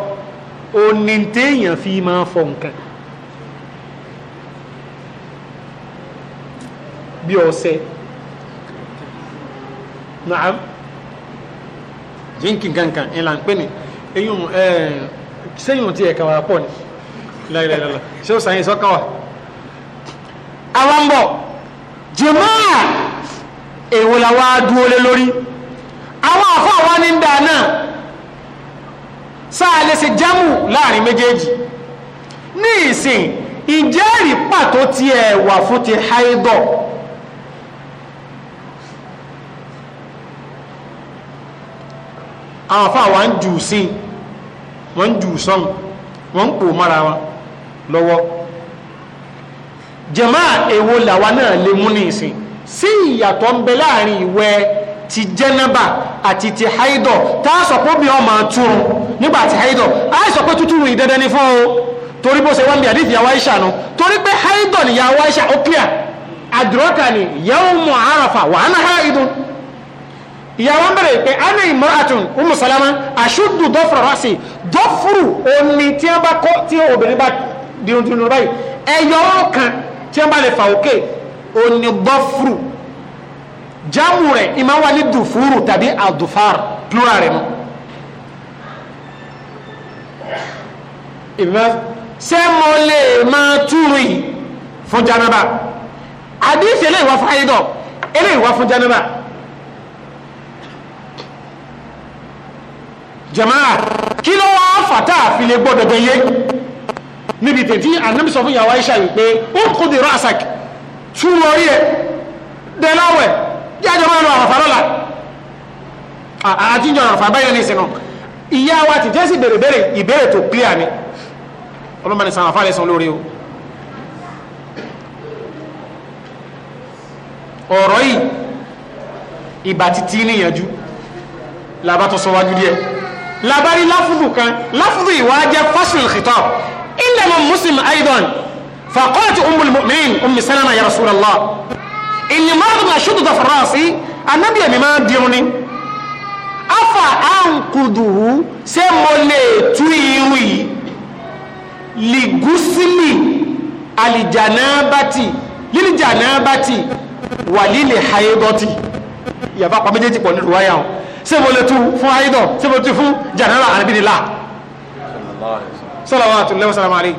ó ní téèyàn fi máa fọ nǹkan bí ọ̀sẹ̀ naam jinkin kankan ìlà ń pè ní eyín ẹ sẹ́yìn tí ẹ̀ka wà pọ̀ ni láìláìláìlá ṣé ó sàyìn sọ́kàn wà. àwọn bọ̀ jùmọ́à èwo la wá dúró lé lórí àwọn àfọ àwa ní ń dà náà sáà lè ṣe jámù láàrin méjèèjì ní ìsìn ìjẹ́rìí pàtó tiẹ̀ wà fún ti haidọ̀. àwọn afá wa ń jù sí wọ́n ń jù sọ́n wọ́n ń pò mọ́ra wọn lọ́wọ́ jàmáà èwo làwa náà lè mú ní ìsìn sí ìyàtọ̀ ń bẹ láàrin ìwẹ̀ ti jẹ́nàbà àti ti haidọ̀ tá a sọ pé bí ọmọ túrun nígbà ti haidọ̀ a pé tútù rìn dandan fún o torí bó ṣe wọ́n bí àdìsí yàwá ìṣà nu torí pé haidọ̀ ni yàwá ìṣà ó kíà àdúrókà ni yawmu Arafa wa ana haidun ìyàwó ń bẹ̀rẹ̀ pé ana imra'atun umu salama ashuddu dọ́fùrù rasi dọ́fùrù omi tí wọ́n bá kọ́ tí obìnrin bá dirundirun báyìí ẹ̀yọ́ kan tí wọ́n bá lè fà òkè oní dọ́fùrù jámù rẹ̀ ìmọ̀ wà ní dùfúrù tàbí àdùfàr plural rẹ̀ mọ́. ìmọ̀ ṣé mo lè máa túrú yìí fún janaba àdìsí eléyìí wá fún ayédọ̀ eléyìí wá fún janaba. jama'a kí ló wá fàtà àfilẹ̀ gbọ́dọ̀ gẹyẹ níbi tètè ànábì sọ fún ìyàwó Aisha wípé ó kó dèrò àsàk tú orí ẹ dẹláwẹ jájọ máa lọ àràfà lọ́la àti ìjọ àràfà báyọ ní ìsìn náà ìyá wa ti jẹ́ sí bèrè bèrè ìbéèrè tó clear ni ọlọ́mọ ní sàn àfà lẹ́sàn lórí o ọ̀rọ̀ yìí ìbà títí níyànjú làbátọ̀ sọ wájú díẹ̀ labari láfúdù kan láfúdù ìwà jẹ́ fasul khitab ilẹ̀ mọ̀ muslim aidan faqalat umul mu'minin ummi salama ya rasulallah inni maradun ashudu da farasi anabi ẹ̀mí máa dirun ni afa ankuduhu ṣé mo lè tú irun yìí ligusimi alijanabati lilijanabati wà lílẹ̀ hayedọ́tì yàrá pa méjèèjì pọ̀ nínú wáyà sébòlétu fún ayidọ̀ sébòlétu fún jàdára àbídìlá sọlọ́wọ́ àtúnlẹ́wọ́ sàlámàlì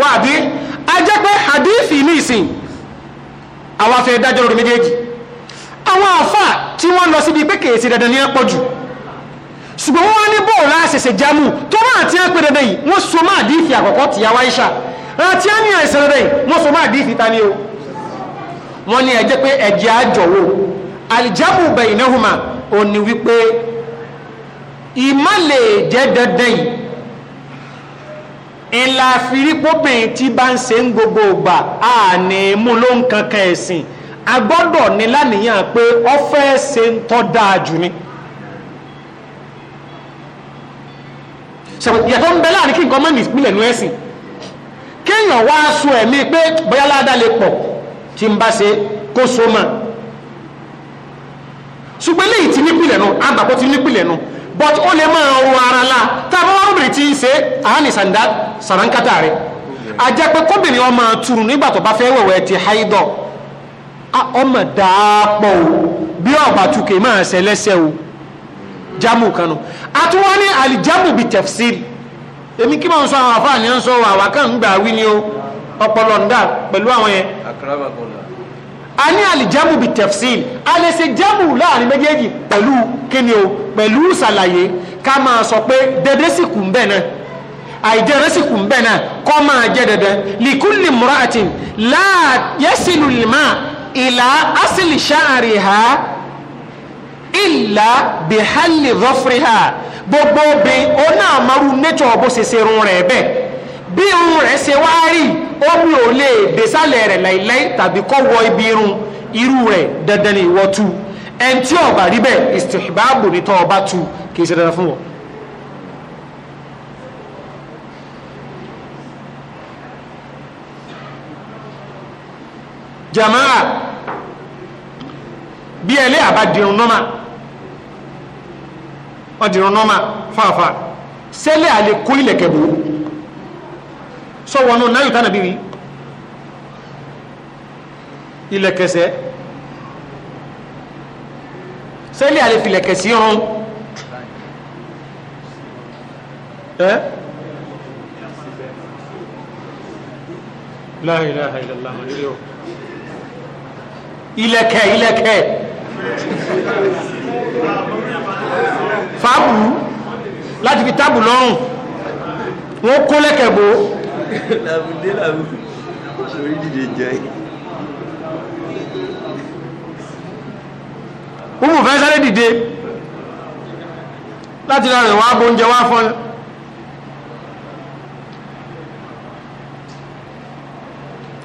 wàbí ajẹ́pẹ́ hadithi ní ìsìn àwọn afẹ́ dájọ́ lórí méjèèjì àwọn àfà tí wọ́n lọ síbi pé kèèsì dandan ní ẹ̀pọ̀ jù ṣùgbọ́n wọ́n ní bóòlá àṣẹṣẹ jámù tó máa ti ẹ̀pẹ́ dandan yìí wọ́n so máa díìfì àkọ́kọ́ ti yá wáyíṣà rántí á ní àìsàn dandan yìí wọ́n alìjábù bẹ̀yìnàhùmá ò ní wípé ìmọ̀ lè jẹ́ dandan yìí ńlá fìrípóbìnrin tí bá ń ṣe ń gbogbo ògbà àní mú ló ń kankan ẹ̀sìn a gbọ́dọ̀ ní lánìyàn pé ọ fẹ́ ṣe ń tọ́ dáa jù ni. yàtọ̀ ń bẹ láàrin kí nǹkan mọ́nì ìpínlẹ̀ nú ẹ̀sìn kéèyàn wá aṣọ ẹ̀mí pé bóyá ládàá tí ń bá ṣe kó so mọ́ ṣùgbọ́n léyìí ti nípìlẹ̀ nu àgbàpọ̀ ti nípìlẹ̀ nu but ó lè máa ro ara la tàbí wọn bèrè tí ń ṣe àánì sàǹdà sàràǹkátà rẹ àjẹ pé kóbìnrin ọmọ turu nígbà tó bá fẹ́ wẹ̀wẹ̀ ti haidọ̀ ọmọ dàápọ̀ o bí ọ̀bà tukè máa ṣe lẹ́sẹ̀ o jámù kanu àtúwọ́n ní àlìjámù bíi tẹ̀fsírì èmi kí máa ń sọ àwọn àfáàní ń sọ wà wákàn ń gbà wí ni o ọpọlọ ń dà pẹ̀lú àwọn yẹn. àkàrà bàbá a ní alìjámù bí tẹ̀fsíl a lè ṣe jámù láàrin méjèèjì pẹ̀lú kíni o pẹ̀lú ṣàlàyé ká máa sọ pé dẹ̀dẹ̀ sì kù ń bẹ̀ náà àìdẹ̀rẹ́ sì kù ń bẹ̀ náà kọ́ máa jẹ́ dẹ̀dẹ̀ likulli mura'atin la yasilu lima ìlà asìlì ṣáàrì ha ìlà bìhálì rọ́fìrì ha gbogbo obìnrin ó náà marú nẹ́tọ̀ bó ṣe ṣerun rẹ̀ bẹ́ẹ̀ bí irun rẹ̀ ṣe wá rí omi ò lè dé sálẹ̀ rẹ̀ láìláì tàbí kọ́ wọ ibi irun irú rẹ̀ dandan ni ìwọ tu ẹni tí ọba rí bẹ́ẹ̀ istihbabu ni tọ́ ọba tu kì í ṣe dandan fún wọn. jamaa bí ẹlẹ́ àbá dirun nọ́mà wọ́n dirun nọ́mà fáfá sẹ́lẹ̀ àlè kó sọ́wọ́nú náyù tánàbí wí ilẹ̀kẹsẹ̀ sẹ́lẹ̀ àlè filẹ̀kẹsí ọ̀run ẹ́ la ilaha illallah ilẹ̀kẹ̀ ilẹ̀kẹ̀ fàábù láti fi tábù lọ́rùn wọ́n kó lẹ́kẹ̀ bó làbùdé làbù sórí dìde jẹ. wọ́n fẹ́ sáré dìde láti lọ rìn wá bóúnjẹ wá fún ẹ.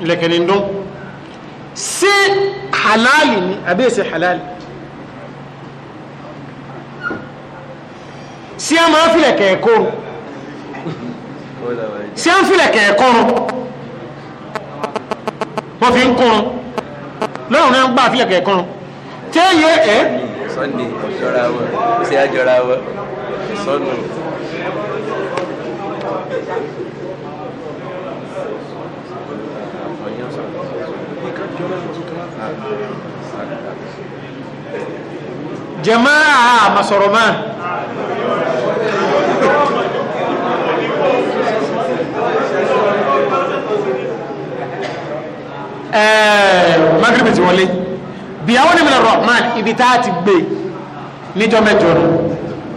lẹ́kẹ̀ni dún sí halali ni àbí èsì halali sí a fi lẹ̀kẹ̀ kóòrùn ṣé ń filẹ̀ kẹ̀ẹ́kọ́rùn wọ́n fi ń kọrùn lọ́rùn náà ń gbà filẹ̀ kẹ̀ẹ́kọ́rùn téèyẹ ẹ́. Sunday ọ̀jọ́ra wọ ṣé àjọra wọ sọnù. jẹ̀máà àmàsọ̀rọ̀ máa. Eh, magribi ti wọlé bí àwọn ènìyàn rahman ibi tá a ti gbé níjọ mẹ́jọ rẹ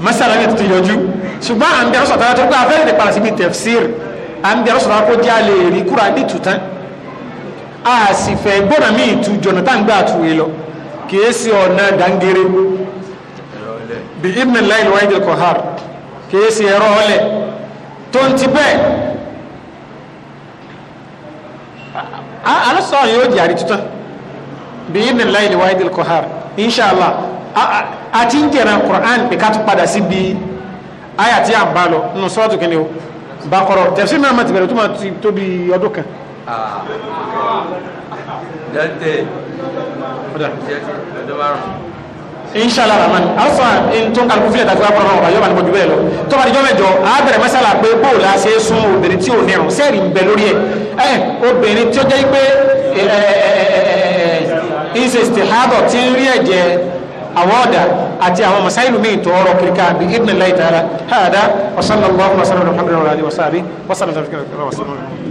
masala ní tuntun yọjú ṣùgbọ́n à ń bẹ̀rẹ̀ sọ̀tara tó pé afẹ́rẹ́ nípa síbi tafsir à ń bẹ̀rẹ̀ sọ̀tara kó jẹ́ alẹ́ rí kúrò ní tutan a sì fẹ́ gbọ́dọ̀ mí ìtú jọ̀nà tá ń gbà tu yìí lọ kìí sí ọ̀nà dangere bí ibn lail wáyé kọ̀hár kìí sí ẹ̀rọ ọlẹ̀ tó ń ti bẹ́ẹ̀ alásọ̀rọ̀ yóò di àrítútàn bí i nílá ilẹ̀ wáyé dìlkọ̀ ha inṣàlá a ti ń jẹ̀rẹ̀ Qur'an pé ká tún padà sí bí àyà tí a ń bá lọ nínú sọ́ọ̀tù kìíní o Baqara tafsir náà ti bẹ̀rẹ̀ tó máa ti tóbi ọdún kan. dantẹ ọdún márùn-ún inṣàlá rahman afa ntọ́ kálukú fílẹ̀ tàbí akọ̀rọ̀ ọ̀rọ̀ yọba nípa jùlọ lọ tọ́ba níjọ́ mẹ́jọ abẹ̀rẹ̀ mẹ́sàlá pé bóòlù àṣẹ sun obìnrin tí ò nírun sẹ́ẹ̀rì ń bẹ lórí ẹ̀ ẹ̀ obìnrin tí ó jẹ́ pé ìṣèṣì hábọ̀ tí ń rí ẹ̀jẹ̀ àwọn ọ̀dà àti àwọn masáìlú míì tó ọrọ̀ kiri káàbí ibn láìtàlá hàdá wasallallahu wasallam alhamdulilayi wasallam wasallam